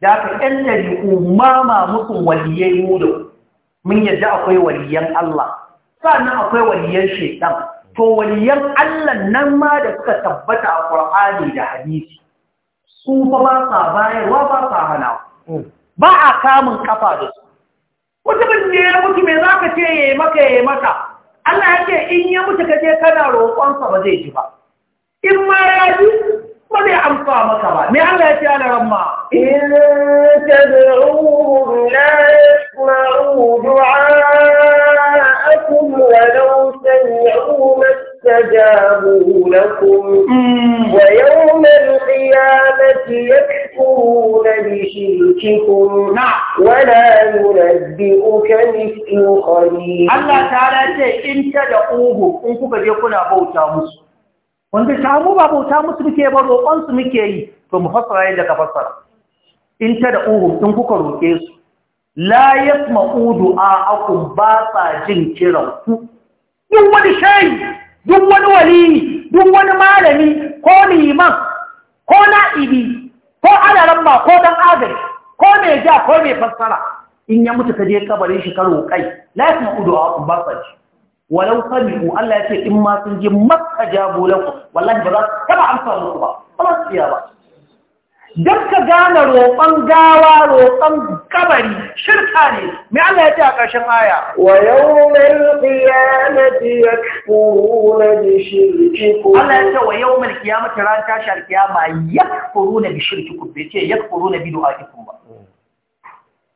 da ka ɗan ɗari'u mama mutum waliyai mu mun yadda akwai waliyan Allah sannan akwai waliyan shaitan to waliyan Allah nan ma da suka tabbata a Qur'ani da hadisi su fa ba sa bayarwa ba sa hana ba a kamun kafa da su mutumin ne ya mutu me zaka ce yayi maka maka Allah ya ce in ya mutu kaje kana roƙonsa ba zai ji ba in ma ya ji ba zai amsa maka ba me Allah ya ce ala ramma in tad'uhum la yasma'u du'a'akum wa law sami'u استجابوا لكم ويوم القيامة يكفرون بشرككم ولا ينبئك مثل خبير الله تعالى إن تدعوه إن كنت يكون بوتا مسلم wanda ta mu ba bauta musu muke ba roƙon muke yi to mu fassara yadda ka fassara in ta da uhum in kuka roƙe su la yasma'u du'a'akum ba sa jin kiran ku wani shayi duk wani waliyi duk wani malami ko liman ko na'ibi ko alaramba ko dan agari ko mai ja ko mai fassara in ya mutu ka je kabarin shi karo kai la a ud'a basar walau ku Allah ya ce in ma sun je maka jabo lahu wallahi ba za su taba amsa muku ba ba su iya ba Dukka gane roƙon gawa roƙon kabari shirka ne mai Allah ya ce a ƙarshen aya wa yau mai kiyamati ya kuru na bishirki ku Allah ya ce wa yau mai kiyamati ran tashi alkiyama ya kuru na bishirki ku bai ce ya kuru na bidu a iku ba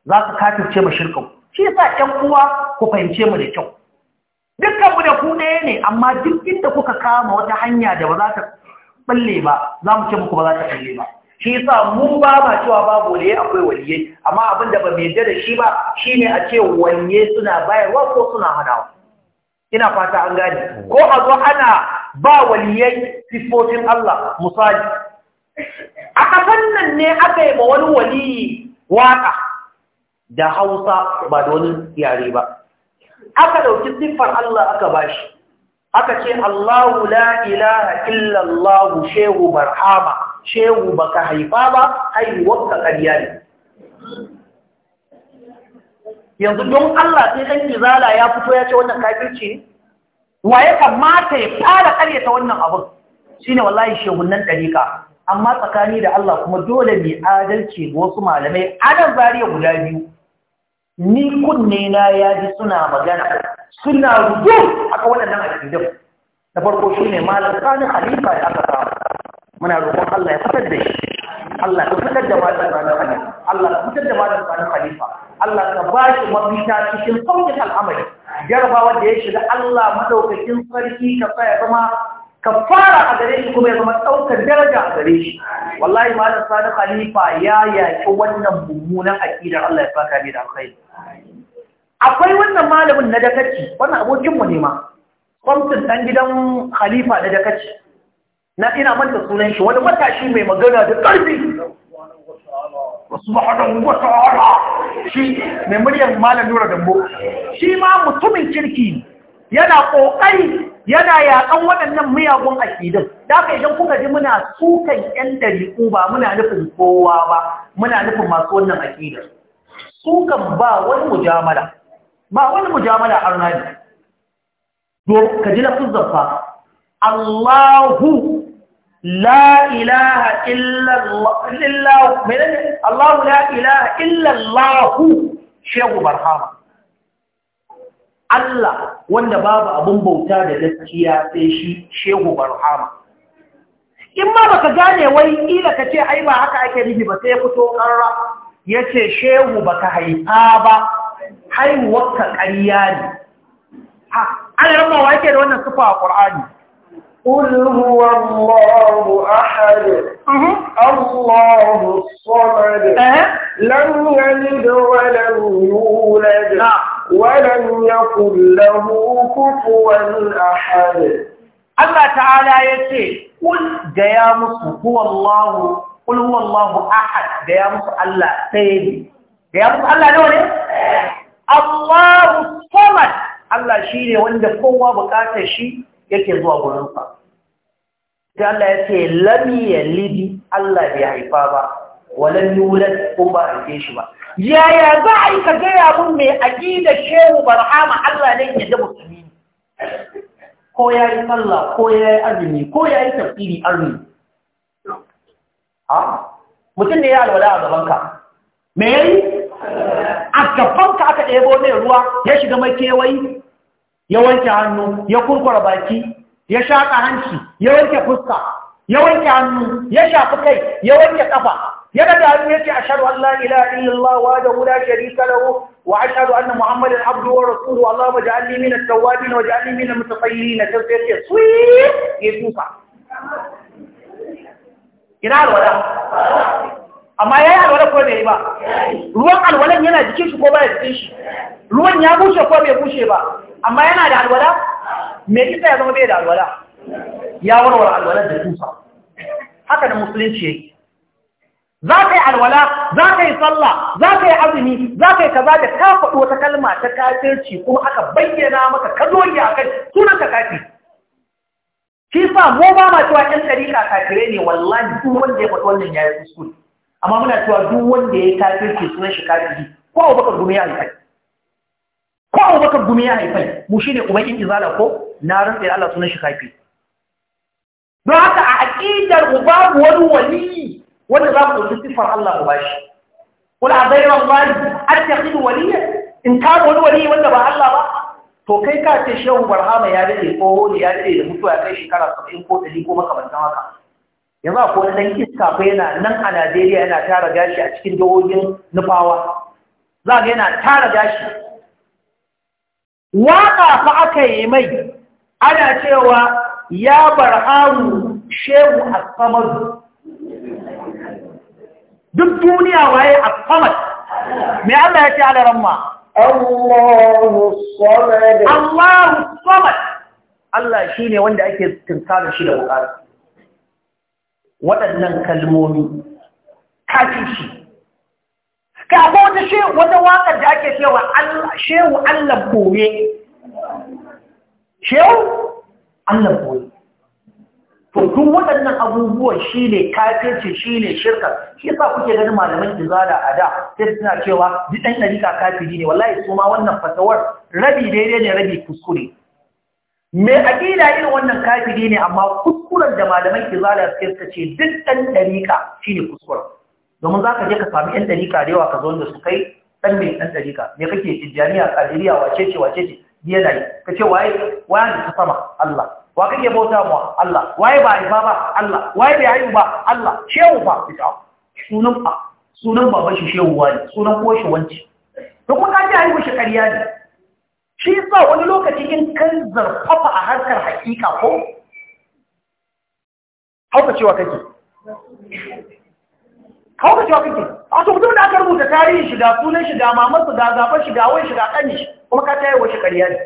za ka kafirce ma shirkan shi yasa ƴan uwa ku fahimce mu da kyau dukkan mu da ku ɗaya ne amma duk inda kuka kama wata hanya da ba za ta balle ba za mu ce muku ba za ta balle ba shi sa mu ba ma cewa babu waliyai akwai waliyai amma abin da ba mai yarda da shi ba shine a ce waliyai suna bayarwa ko suna hanawa ina fata an gane ko a zo ana ba waliyai sifofin Allah misali a kasan nan ne aka yi ma wani waliyi waka da Hausa ba da wani yare ba aka dauki siffar Allah aka bashi aka ce Allahu la ilaha illa Allah shehu barhama shehu baka haifa ba haihuwarka ƙarya ne yanzu don Allah sai ɗan izala ya fito ya ce wannan kafin ce. wa ya kamata ya fara ta wannan abin shine wallahi nan ɗarika amma tsakani da Allah kuma dole mai adalci ga wasu malamai anan zariya guda biyu ni kunne na ya ji suna magana suna rubu aka waɗannan akidin na farko shine malam sani halifa da aka samu muna roƙon Allah ya fitar da shi Allah ka fitar da matan Sani Khalifa Allah ka fitar da matan Sani Khalifa Allah ka ba shi mafita cikin sauƙin al'amari jarabawa da ya shiga Allah madaukakin sarki ka sa ya ka fara a gare shi kuma ya zama ɗaukar daraja a gare shi wallahi malam Sani Khalifa ya yaƙi wannan mummunan aƙidar Allah ya saka ni da alkhairi akwai wannan malamin na dakaci wannan abokinmu ne ma kwamfin ɗan gidan Khalifa da dakaci na ina manta sunan shi wani matashi mai magana da ƙarfi subhanahu wa ta'ala shi mai muryar malam Nura Dambo shi ma mutumin kirki yana ƙoƙari, yana yaƙan waɗannan miyagun akidan da yi idan kuka ji muna sukan yan ɗariƙu ba muna nufin kowa ba muna nufin masu wannan akidan sukan ba wani mujamala ba wani mujamala arnadi do ka ji lafuzan fa Allahu la ilaha illallah Allahu la ilaha shehu barhama Allah wanda babu abun bauta da gaskiya sai shi shehu barhama in ma baka gane wai kila kace ai ba haka ake nufi ba sai ya fito karra yace shehu baka haifa ba haihuwarka ƙarya ne ha ana wa yake da wannan sufa a ƙur'ani قل هو الله أحد الله الصمد لم يلد ولم يولد نعم. ولم يكن له كفوا أحد الله تعالى يتي قل يا هو الله قل هو الله أحد يا الله سيدي يا الله نولي آه. الله الصمد الله شيء وانده قوة بقاتل شيء yake zuwa gurinsa sai Allah ya ce lami yalidi Allah bai haifa ba walan yulad kun ba haife shi ba yaya za a yi ka gaya mun mai aqida shehu barhama Allah ne ya da musulmi ko ya yi sallah ko ya yi azumi ko ya yi tafsiri azumi ha mutum ne ya alwala a gabanka me yayi a gabanka aka ɗebo mai ruwa ya shiga mai kewayi ya wanke hannu ya kurkura baki ya shaƙa hanci ya wanke fuska ya wanke hannu ya shafi kai ya wanke ƙafa ya da hannu yake ce a shaɗu Allah ila illallah wa da wula sharika lahu wa a shaɗu annan Muhammadin abdu wa rasulu Allah wa ja'alni min at-tawwabin wa ja'alni min al-mutatahhirin sai ya ce sweet ya tuka. ina alwala amma yayi alwala ko bai yi ba ruwan alwalan yana jikin shi ko ba jikin shi ruwan ya bushe ko bai bushe ba amma yana da alwala mai kinta ya zama bai da alwala ya warware alwalar da tusa haka da musulunci yake za ka yi alwala za ka yi sallah za ka yi azumi za ka yi kaza da ka faɗo wata kalma ta kafirci kuma aka bayyana maka ka zo yi kai, sunan ka kafi shi sa mu ba ma cewa ɗan ɗariƙa kafire ne wallahi duk wanda ya faɗo wannan ya yi kuskure amma muna cewa duk wanda ya yi kafirci sunan shi kafiri ko abubakar gumi ya kai. ko abubakar gumi ya haifai mu shi ne uban in izala ko na rantsa Allah sunan shi kafi don haka a aƙidar babu wani wali wanda za ku ɗauki siffar Allah ku bashi kul a zairan wani in ka wani wali wanda ba Allah ba to kai ka ce shehu barhama ya dade ko ya dade da mutuwa ya kai shekara 70 ko ɗari ko makamantan haka yanzu akwai wani dan iska yana nan a Najeriya yana tara gashi a cikin jihohin nufawa za ga yana tara gashi waƙa fa aka yi mai ana cewa ya barhamu shehu al-samad duk duniya waye al-samad me Allah ya ce a daren ma Allahu samad Allahu samad Allah shine wanda ake tinka da shi da bukata waɗannan kalmomi kafin shi ka akwai wata shehu wata waƙar da ake cewa shehu Allah boye shehu Allah boye to duk waɗannan abubuwan shi ne kafirci shi ne shirka shi yasa kuke ganin malaman izada a da sai suna cewa duk ɗan ɗarika kafiri ne wallahi su ma wannan fasawar! rabi daidai ne rabi kuskure me aƙida irin wannan kafiri ne amma kuskuren da malaman izada suke suka ce duk ɗan ɗarika shi ne kuskuren domin za ka je ka sami 'yan ɗarika da yawa ka zo da su kai ɗan mai ɗan ɗarika me kake tijjaniya ƙadiriya wace ce wace ce yana yi ka ce waye waye da ta sama Allah wa kake bauta mu Allah waye ba haifa ba Allah waye bai haihu ba Allah shehu ba ita sunan ba sunan baban shi shehu ne sunan ko shi wanci to kuma ka ji haihu shi ƙarya ne shi yasa wani lokaci in kan zarfafa a harkar hakika ko hauka cewa kake kawo cewa kake a to mutum da aka rubuta tarihin shiga sunan shiga mamarsu da zaɓar shiga wai shiga ƙanyi shi kuma ka ta yi wasu ƙarya ne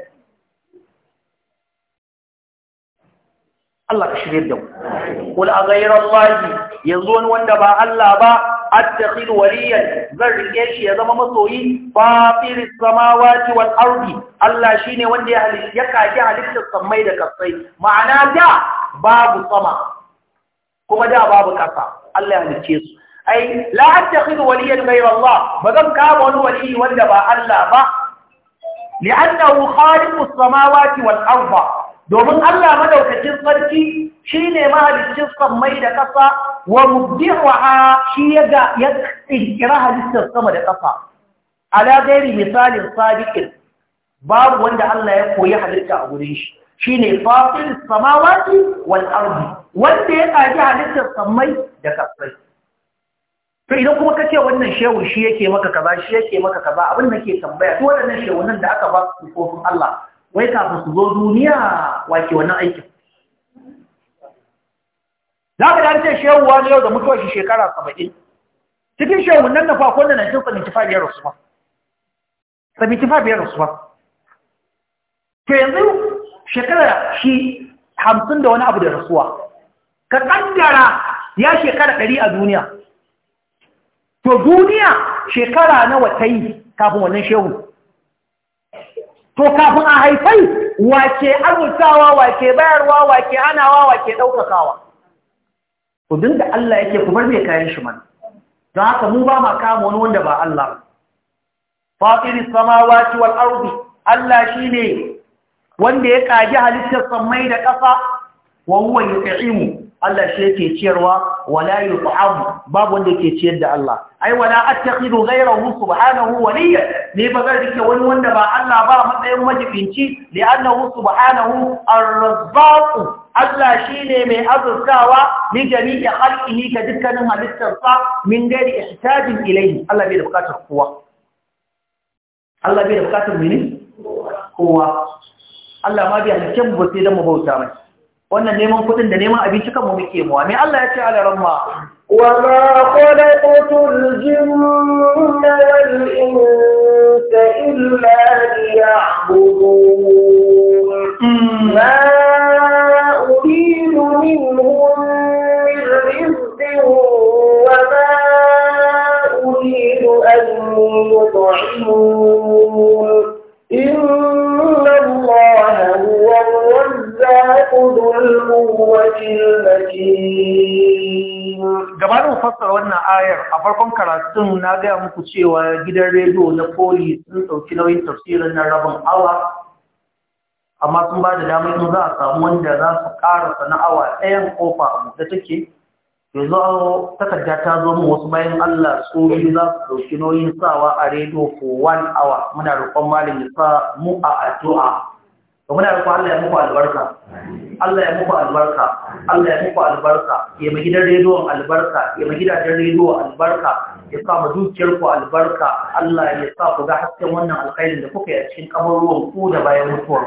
Allah ka shirya da mu kul a ghayra Allah yanzu wani wanda ba Allah ba attakhidhu waliyan zan rike shi ya zama masoyi fatiris samawati wal ardi Allah shine wanda ya halitta ya kaji halittar samai da kasai ma'ana da babu sama kuma da babu kasa Allah ya halicce su ai la waliyar waliyan ghayra ba zan kama wani waliyi wanda ba Allah ba li'annahu khaliqus samawati wal domin Allah madaukakin sarki shine mahaliccin sammai da ƙasa wa mubdi'uha shi ya ga ya halittar sama da ƙasa ala gairi misalin sabiqin babu wanda Allah ya koyi halitta a gurin shi shine fasil samawati wal ardi wanda ya kaji halittar sammai da ƙasai to idan kuma kace wannan shehu shi yake maka kaza shi yake maka kaza abin da ke tambaya to shehu nan da aka ba su kofin Allah wai kafin su zo duniya wake wannan aikin za ka da ce shehu wani yau da mutuwa shi shekara saba'in cikin shehunan na fakon da na cin sabinci fa rasu ba sabinci fabiyar rasu ba to yanzu shekara shi hamsin da wani abu da rasuwa ka kaddara ya shekara ɗari a duniya to duniya shekara nawa ta yi kafin wannan shehu to kafin a haifai wake azurtawa wake bayarwa wake anawa wake ɗaukakawa kudin da Allah yake kuma mai kayan shi mana don haka mu ba ma kama wani wanda ba Allah fatiris samawati wal ardi Allah ne wanda ya kaji halittar samai da ƙasa wa huwa yut'imu Allah shi yake ciyarwa wala yut'am babu wanda yake ciyar da Allah ai wala attaqidu ghayrahu subhanahu waliya ne ba zan rike wani wanda ba Allah ba matsayin majibinci li'annahu subhanahu ar-razzaq Allah shine mai azurtawa ni jami'i khalqihi ka dukkanin halittar sa min ghairi ihtajin ilayhi Allah bai da bukatar kowa Allah bai da bukatar mene kowa Allah ma bai halicce mu ba sai dan mu bauta mai wannan neman kudin da neman abinci kanmu muke muwa me Allah ya ce ala ramma wama khalaqatul jinna wal insa illa liya'budun hmm. ayar a farkon karatun na gaya muku cewa gidan rediyo na poli sun sauki nauyin tafsirin na rabin awa amma sun ba da damar in za a samu wanda za su karasa na awa ɗayan kofa a take take yanzu an takarda ta zo mu wasu bayan Allah su biyu za su sauki nauyin sawa a rediyo for one hour muna roƙon malam ya sa mu a addu'a to muna roƙon Allah ya muku albarka Allah ya muku albarka Allah ya muku albarka ya ma gidan rediyon albarka ya ma gidajen rediyon albarka ya sa ma dukiyar ku albarka Allah ya sa ku ga hasken wannan alkhairin da kuka yi a cikin ruwan ku da bayan mutuwar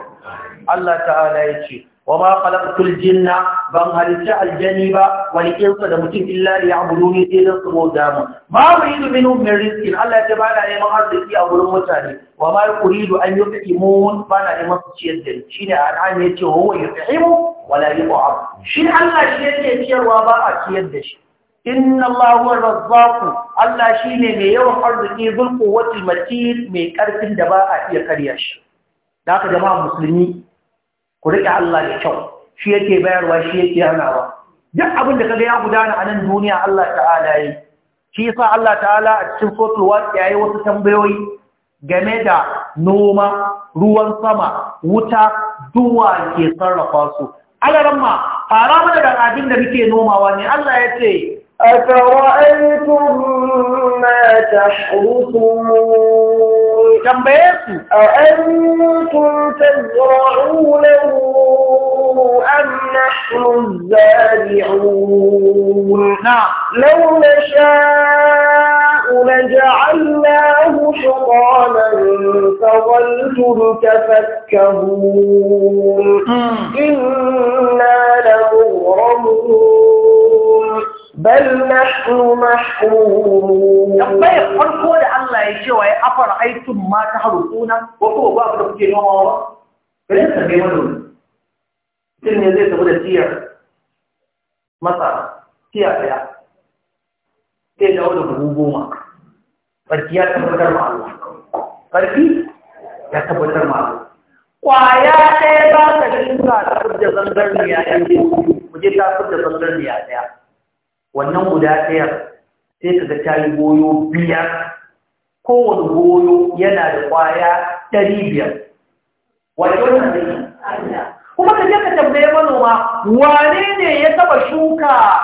Allah ta'ala ya ce wa ma khalaqtul jinna ban halitta aljani ba wal insa da mutum illa li ya'buduni sai dan su bauta mu ma uridu min rizqin Allah ya bana neman arziki a gurin mutane wa ma uridu an yut'imun bana neman su ciyar da shi ne al'an ya huwa yut'imu wa la yut'am shi Allah shi yake ciyarwa ba a ciyar da shi inna Allah huwa razzaq Allah shine mai yawan arziki zul quwwatil matin mai karfin da ba a iya karya shi da haka jama'a musulmi ku riƙe Allah da kyau shi yake bayarwa shi yake hanawa duk abin da kaga ya gudana a nan duniya Allah ta'ala yi shi yasa Allah ta'ala a cikin suratul yayi wasu tambayoyi game da noma ruwan sama wuta duwa ke sarrafa su alaran fara mana da abin da muke nomawa ne Allah ya ce أفرأيتم ما تحرثون كم أأنتم تزرعونه أم نحن الزارعون نعم لو نشاء لجعلناه حطاما فظلتم تفكهون إنا لمغرمون بل نحن محرومون tambayar farko da Allah ya ce wa ya afara aitum ma ta harutuna ko ko ba ku da kuke noma ba kare ta kai manomi mutum ne zai tafi da tiyar masara tiya daya sai dawo da buhu goma farki ya tabbatar ma Allah farki ya tabbatar ma kwaya ba ka shuka ta fudda zangarniya ɗaya ku je ta fudda zangarniya ɗaya wannan guda ɗaya sai ka ga tayi goyo biyar kowane goyo yana da ƙwaya ɗari biyar wato na zai kuma ka je ka tambaye manoma wane ne ya taba shuka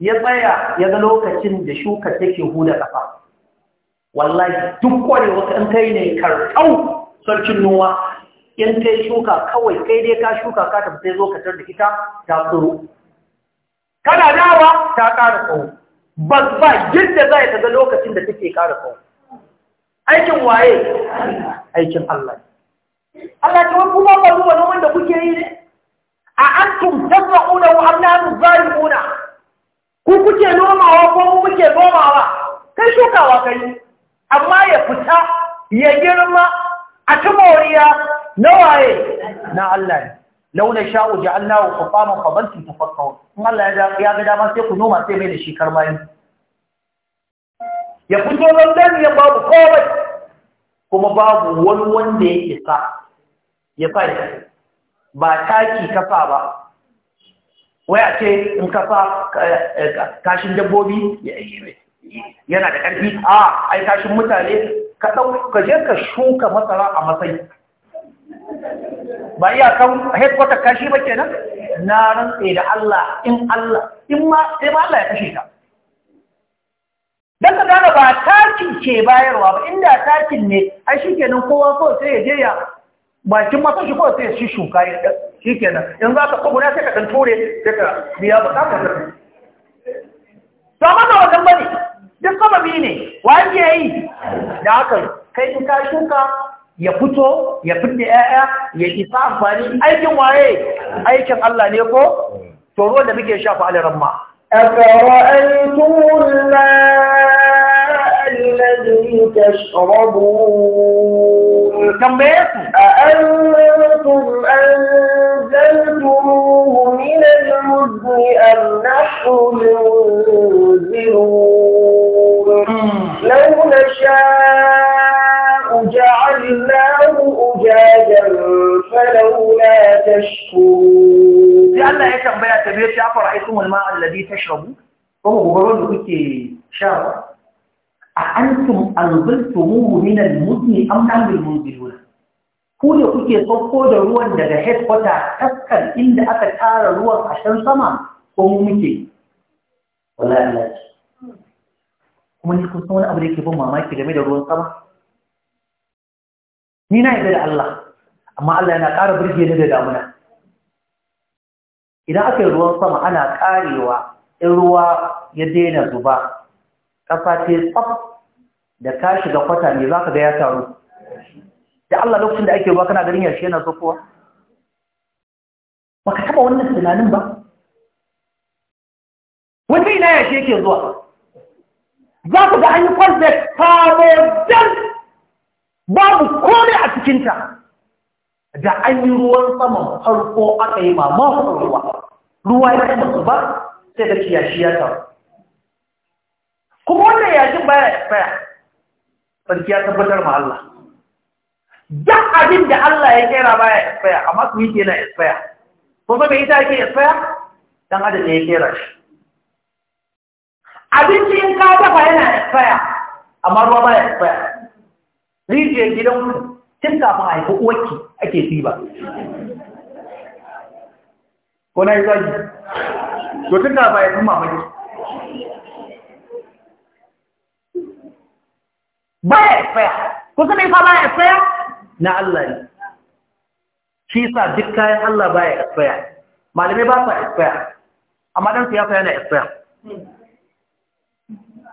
ya tsaya ya ga lokacin da shuka take huda ƙafa wallahi duk kwarewa kan kai ne karɓau sarkin noma in kai shuka kawai kai dai ka shuka ka tafi sai zo ka tar da ita ta tsoro kana dawa ta ƙara tsawo ba ba yadda za ta ga lokacin da take ƙara tsawo aikin waye aikin Allah Allah ta wani kuma ba wani wanda kuke yi ne a tafa tasma'una wa amnanu zalimuna ku kuke nomawa ko mu muke nomawa kai shukawa kai amma ya fita ya girma a ta moriya na waye na Allah ne launin sha'u fama hutaman ta tafakkarun in Allah ya ga dama sai ku noma sai mai da shi karmayin. ya fito London ya babu komai kuma babu wani wanda ya isa ya fai ba taki kafa ba Waya ce in kafa kashin dabbobi yana da ƙarfi a ai kashin mutane ka ka je ka shuka masara a matsayi ba iya kan headquarter kashi ba kenan na rantse da Allah in Allah in ma sai ma Allah ya kashe ka dan ka gane ba taki ce bayarwa ba inda takin ne ai shikenan kowa so sai ya je ya bakin masan shi kowa sai ya shi shuka ya shikenan ka aka koguna sai ka dan tore sai ka biya bukatar to amma ba wannan bane duk sababi ne wa yake yi da haka kai in ka shuka ya fito ya fidda ƴaƴa ya isa amfani aikin waye aikin Allah ne ko toro da muke sha fa alaramma afara'aytum الذي تشربون أأنتم أنزلتموه من المزن أم نحن المنزلون لو نشاء جعلناه أجاجا فلولا تشكرون لأن هيك بلا تبير شعفة رأيكم الماء الذي تشربوه هو بغرور لك شعفة أأنتم أنظرتموه من المدن أم نعم بالمنزلون كل يقول يصفه دروا لدهيت قطع تسكر إن دأت تارى روا عشان سما هو ممكن ولا أعلاج kuma ni kun san wani abu da yake ban mamaki game da ruwan sama ni na yarda da Allah amma Allah yana ƙara burge ni da damuna idan aka yi ruwan sama ana ƙarewa in ruwa ya daina zuba ƙasa ce tsaf da ka shiga kwata ne za ka ga ya taru da Allah lokacin da ake ruwa kana ganin yarshe yana sokowa ba ka taɓa wannan tunanin ba wata ina yashi ke zuwa za ku ga an yi kwalbe kamo jan babu kone a cikinta da an yi ruwan saman farko aka yi mamakon ruwa ruwa ya kuma masu ba sai da yashi ya taru kuma wannan yashin baya tsaya sarki ya tabbatar ma Allah duk abin da Allah ya kera baya tsaya amma su yi ke na tsaya ko zama ita yake tsaya don adam ya kera shi abinci in ka dafa yana tsaya amma ruwa baya tsaya rijiyar gidan ku tun kafin a haifi uwarki ake ɗiba ko na yi zagi to tun kafin a haifi mamaki ba ya expire kusa ne fa ba ya expire na Allah ne shi sa duk kayan Allah ba ya expire malamai ba sa expire amma dan siyasa yana expire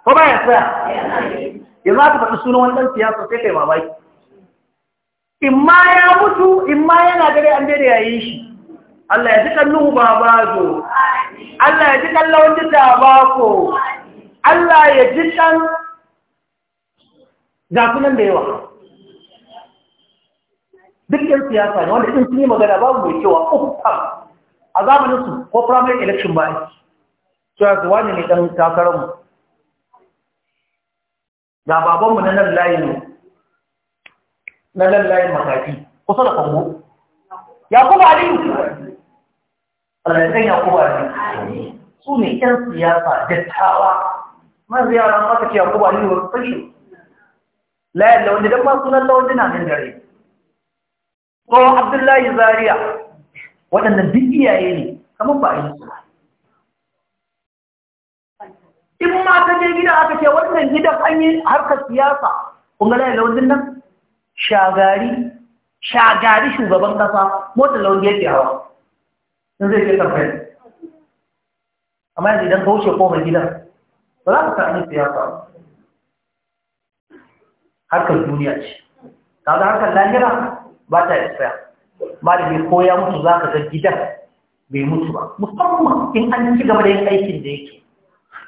ko ba ya expire za ka faɗi sunan wani ɗan siyasa sai kai mamaki in ma ya mutu in ma yana gare an daidai yayi shi Allah ya ji kallon zo Allah ya ji kallon ba ko Allah ya ji kan zakunan da yawa duk yan siyasa ne wanda idan sun yi magana babu mai cewa uffam oh, a zamanin su ko primary election ba shi cewa wani ne dan takararmu Na babanmu na nan layin na nan layin makafi kusa da kwango yakubu aliyu alaikan yakubu aliyu su ne yan siyasa dattawa man ziyara maka ce yakubu aliyu wasu fashi layin lawan don ba sunan lawan dina nan dare ko abdullahi zaria waɗannan duk iyaye ne kamar ba a yi su in ma ta je gida aka ce wannan gidan an yi harkar siyasa kun ga laulin nan shagari shagari shugaban kasa motar laulin yake hawa in zai je kamfani amma yanzu idan ka wuce koma gidan ba za ka sami siyasa ba harkar duniya ce kaga harkar lahira ba ta isa malami ko ya mutu za ka ga gidan bai mutu ba musamman in an ci gaba da yin aikin da yake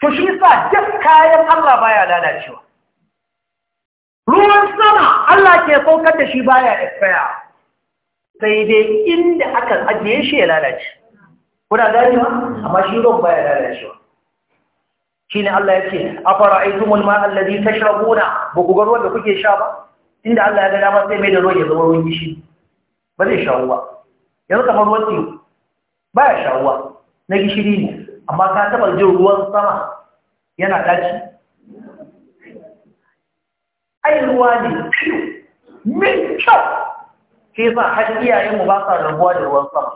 to shi sa duk kayan Allah baya lalacewa ruwan sama Allah ke saukar da shi baya expire sai dai inda aka ajiye shi ya lalace kuna ganewa amma shi ruwan baya lalacewa shi ne Allah ya ce a fara'aitumul ma allazi tashrabuna ba ku ga ruwan da kuke sha ba inda Allah ya ga dama sai mai da ruwan ya zama ruwan gishi ba zai sha ruwa yanzu kamar ruwan teku baya sha ruwa na gishiri ne amma ka taba jin ruwan sama yana daci ai ruwa ne min kyau ke sa har iyayenmu ba sa rabuwa da ruwan sama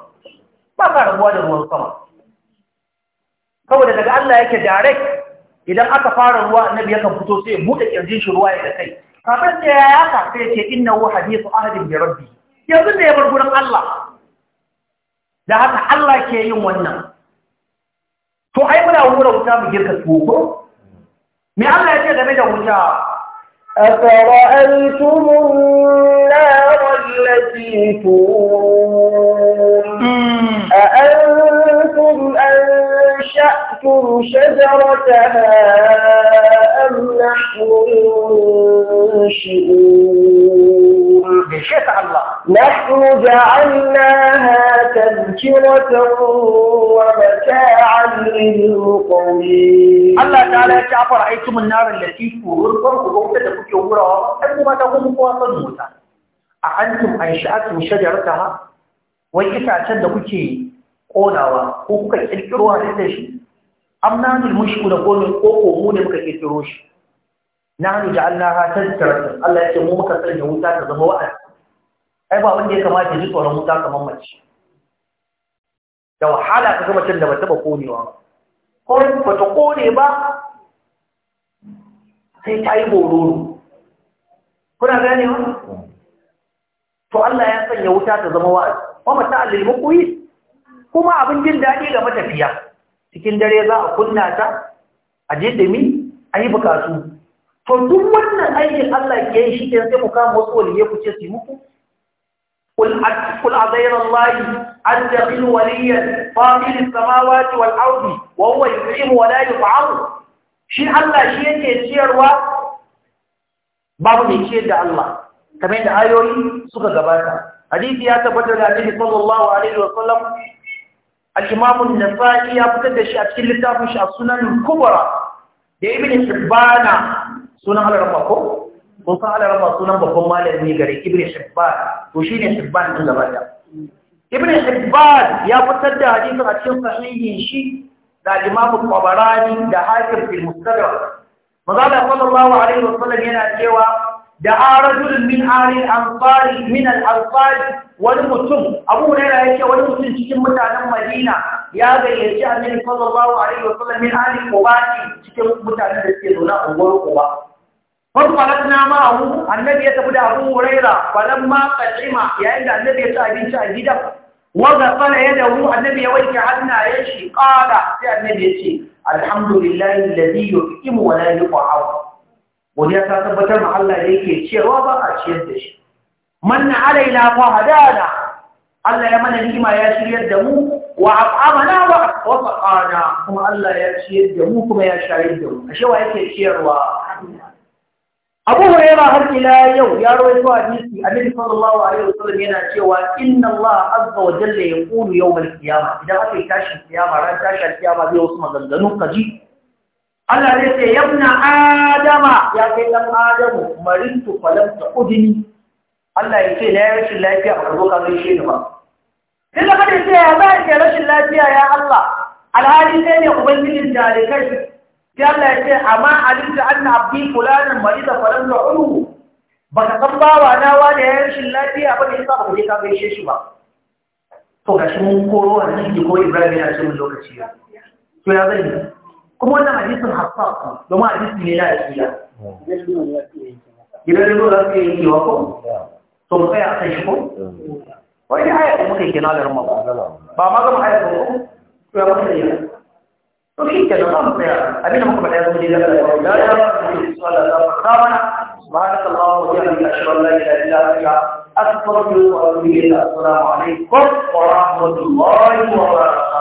ba sa rabuwa da ruwan sama saboda daga Allah yake direct idan aka fara ruwa annabi kan fito sai ya buɗe kirjin shi ruwa ya da kai kafin sai ya yaka sai ce innahu hadithu ahadin bi rabbi yanzu da ya bar gurin Allah da haka Allah ke yin wannan to ai muna hura wuta mu girka tuwo ko me Allah ya ce game da wuta أفرأيتم النار التي تورون أأنتم أنشأتم شجرتها أم نحن المنشئون شيخ الله نحن جعلناها تذكرة ومتاعا للمقومين الله تعالى يتعفى رأيتم النار التي كوركم وقمت لكم يورا أنما تقوم بواطن موتا أأنتم أنشأتم شجرتها وإذا تدك ƙonawa ko kuka ƙirƙiro a da shi amna nil mushku da ƙonin koko, mu ne muka ƙirƙiro shi na hannu da Allah ha Allah ya ce mu muka tsare da wuta ta zama wa'azi ai ba wanda ya kamata ji tsoron wuta kamar mace da wahala ka ga cin da ba taba konewa ko ba ta kone ba sai ta yi bororo kuna gane ba to Allah ya sanya wuta ta zama wa'azi ba mata lil kuyi kuma abin jin daɗi ga matafiya cikin dare za a kunna ta a je mi a yi bukatu to duk wannan aikin Allah ke yi shi ke sai mu kama wasu waliyai ku ce su muku قل قل أغير الله أتخذ وليا فاطر السماوات والأرض وهو يطعم ولا يطعم shi Allah shi yake ciyarwa babu mai ciyar da Allah kamar da ayoyi suka gabata hadisi ya tabbatar da Annabi sallallahu alaihi wa sallam al-Imam nasai ya fitar da shi a cikin littafin shi a sunan kubra da Ibn Hibban sunan al-Rabbah ko san ala sunan babban malami gare ibn shibban to shine shibban din gaba da ibn shibban ya fitar da hadisin a cikin sahihin shi da imam al-tabarani da hakim fil mustadrak manzo sallallahu alaihi wasallam yana cewa da arajul min ari al min al-ansari wani mutum abu ne da yake wani mutum cikin mutanen Madina ya gayyaci annabi sallallahu alaihi wasallam min ali qubati cikin mutanen da suke zaune a unguwar Quba فطلبنا معه النبي يتبدا ابو هريره فلما قدم يعني النبي يتعبين شيء جدا وقف على يده النبي يويك عنا يشي قال يا النبي يشي الحمد لله الذي يقيم ولا يقعد وليا تثبت محل ليك شيء وما اشير دشي من علينا فهدانا الله يا من نعمه يا شريت دمو وعطانا وصقانا ثم الله يا شريت دمو كما يا شريت دمو اشوا يكي شيروا abu hurairah har ila yau ya rawaito hadisi annabi sallallahu alaihi wasallam yana cewa inna allah azza wa jalla yaqulu yawm al-qiyama idan aka yi tashin kiyama ran tashin kiyama zai wasu maganganu kaji Allah ne sai yabna adama ya kai dan adamu marintu falam ta'udini Allah ya ce na yi rashin lafiya ba ka zo ka gaishe ni ba duk da kada ya ce ya za ka rashin lafiya ya Allah alhali sai ne ubangijin talikai sai Allah ya ce amma alimta anna abdi fulanan marida falan da ulu baka san bawa na wani yayin shin lafiya ba da yasa ba ku je ka gaishe shi ba to gashi mun koro a cikin ko Ibrahim ya ce mun lokaci ya to ya zai kuma wannan hadisin hassas domin hadisi ne na asila gidan rigo za su yi kewa ko to mu tsaya a kan shi ko wani ayat da muka yi kenan da ba ma gama ayat ko to ya muka yi وكيف كده طب أبينا مقبل عياذ بالله لا إله إلا الله سؤال الله خامنا سبحانك الله وبحمدك أشهد أن لا إله إلا أنت أستغفرك وأتوب إليك السلام عليكم ورحمة الله وبركاته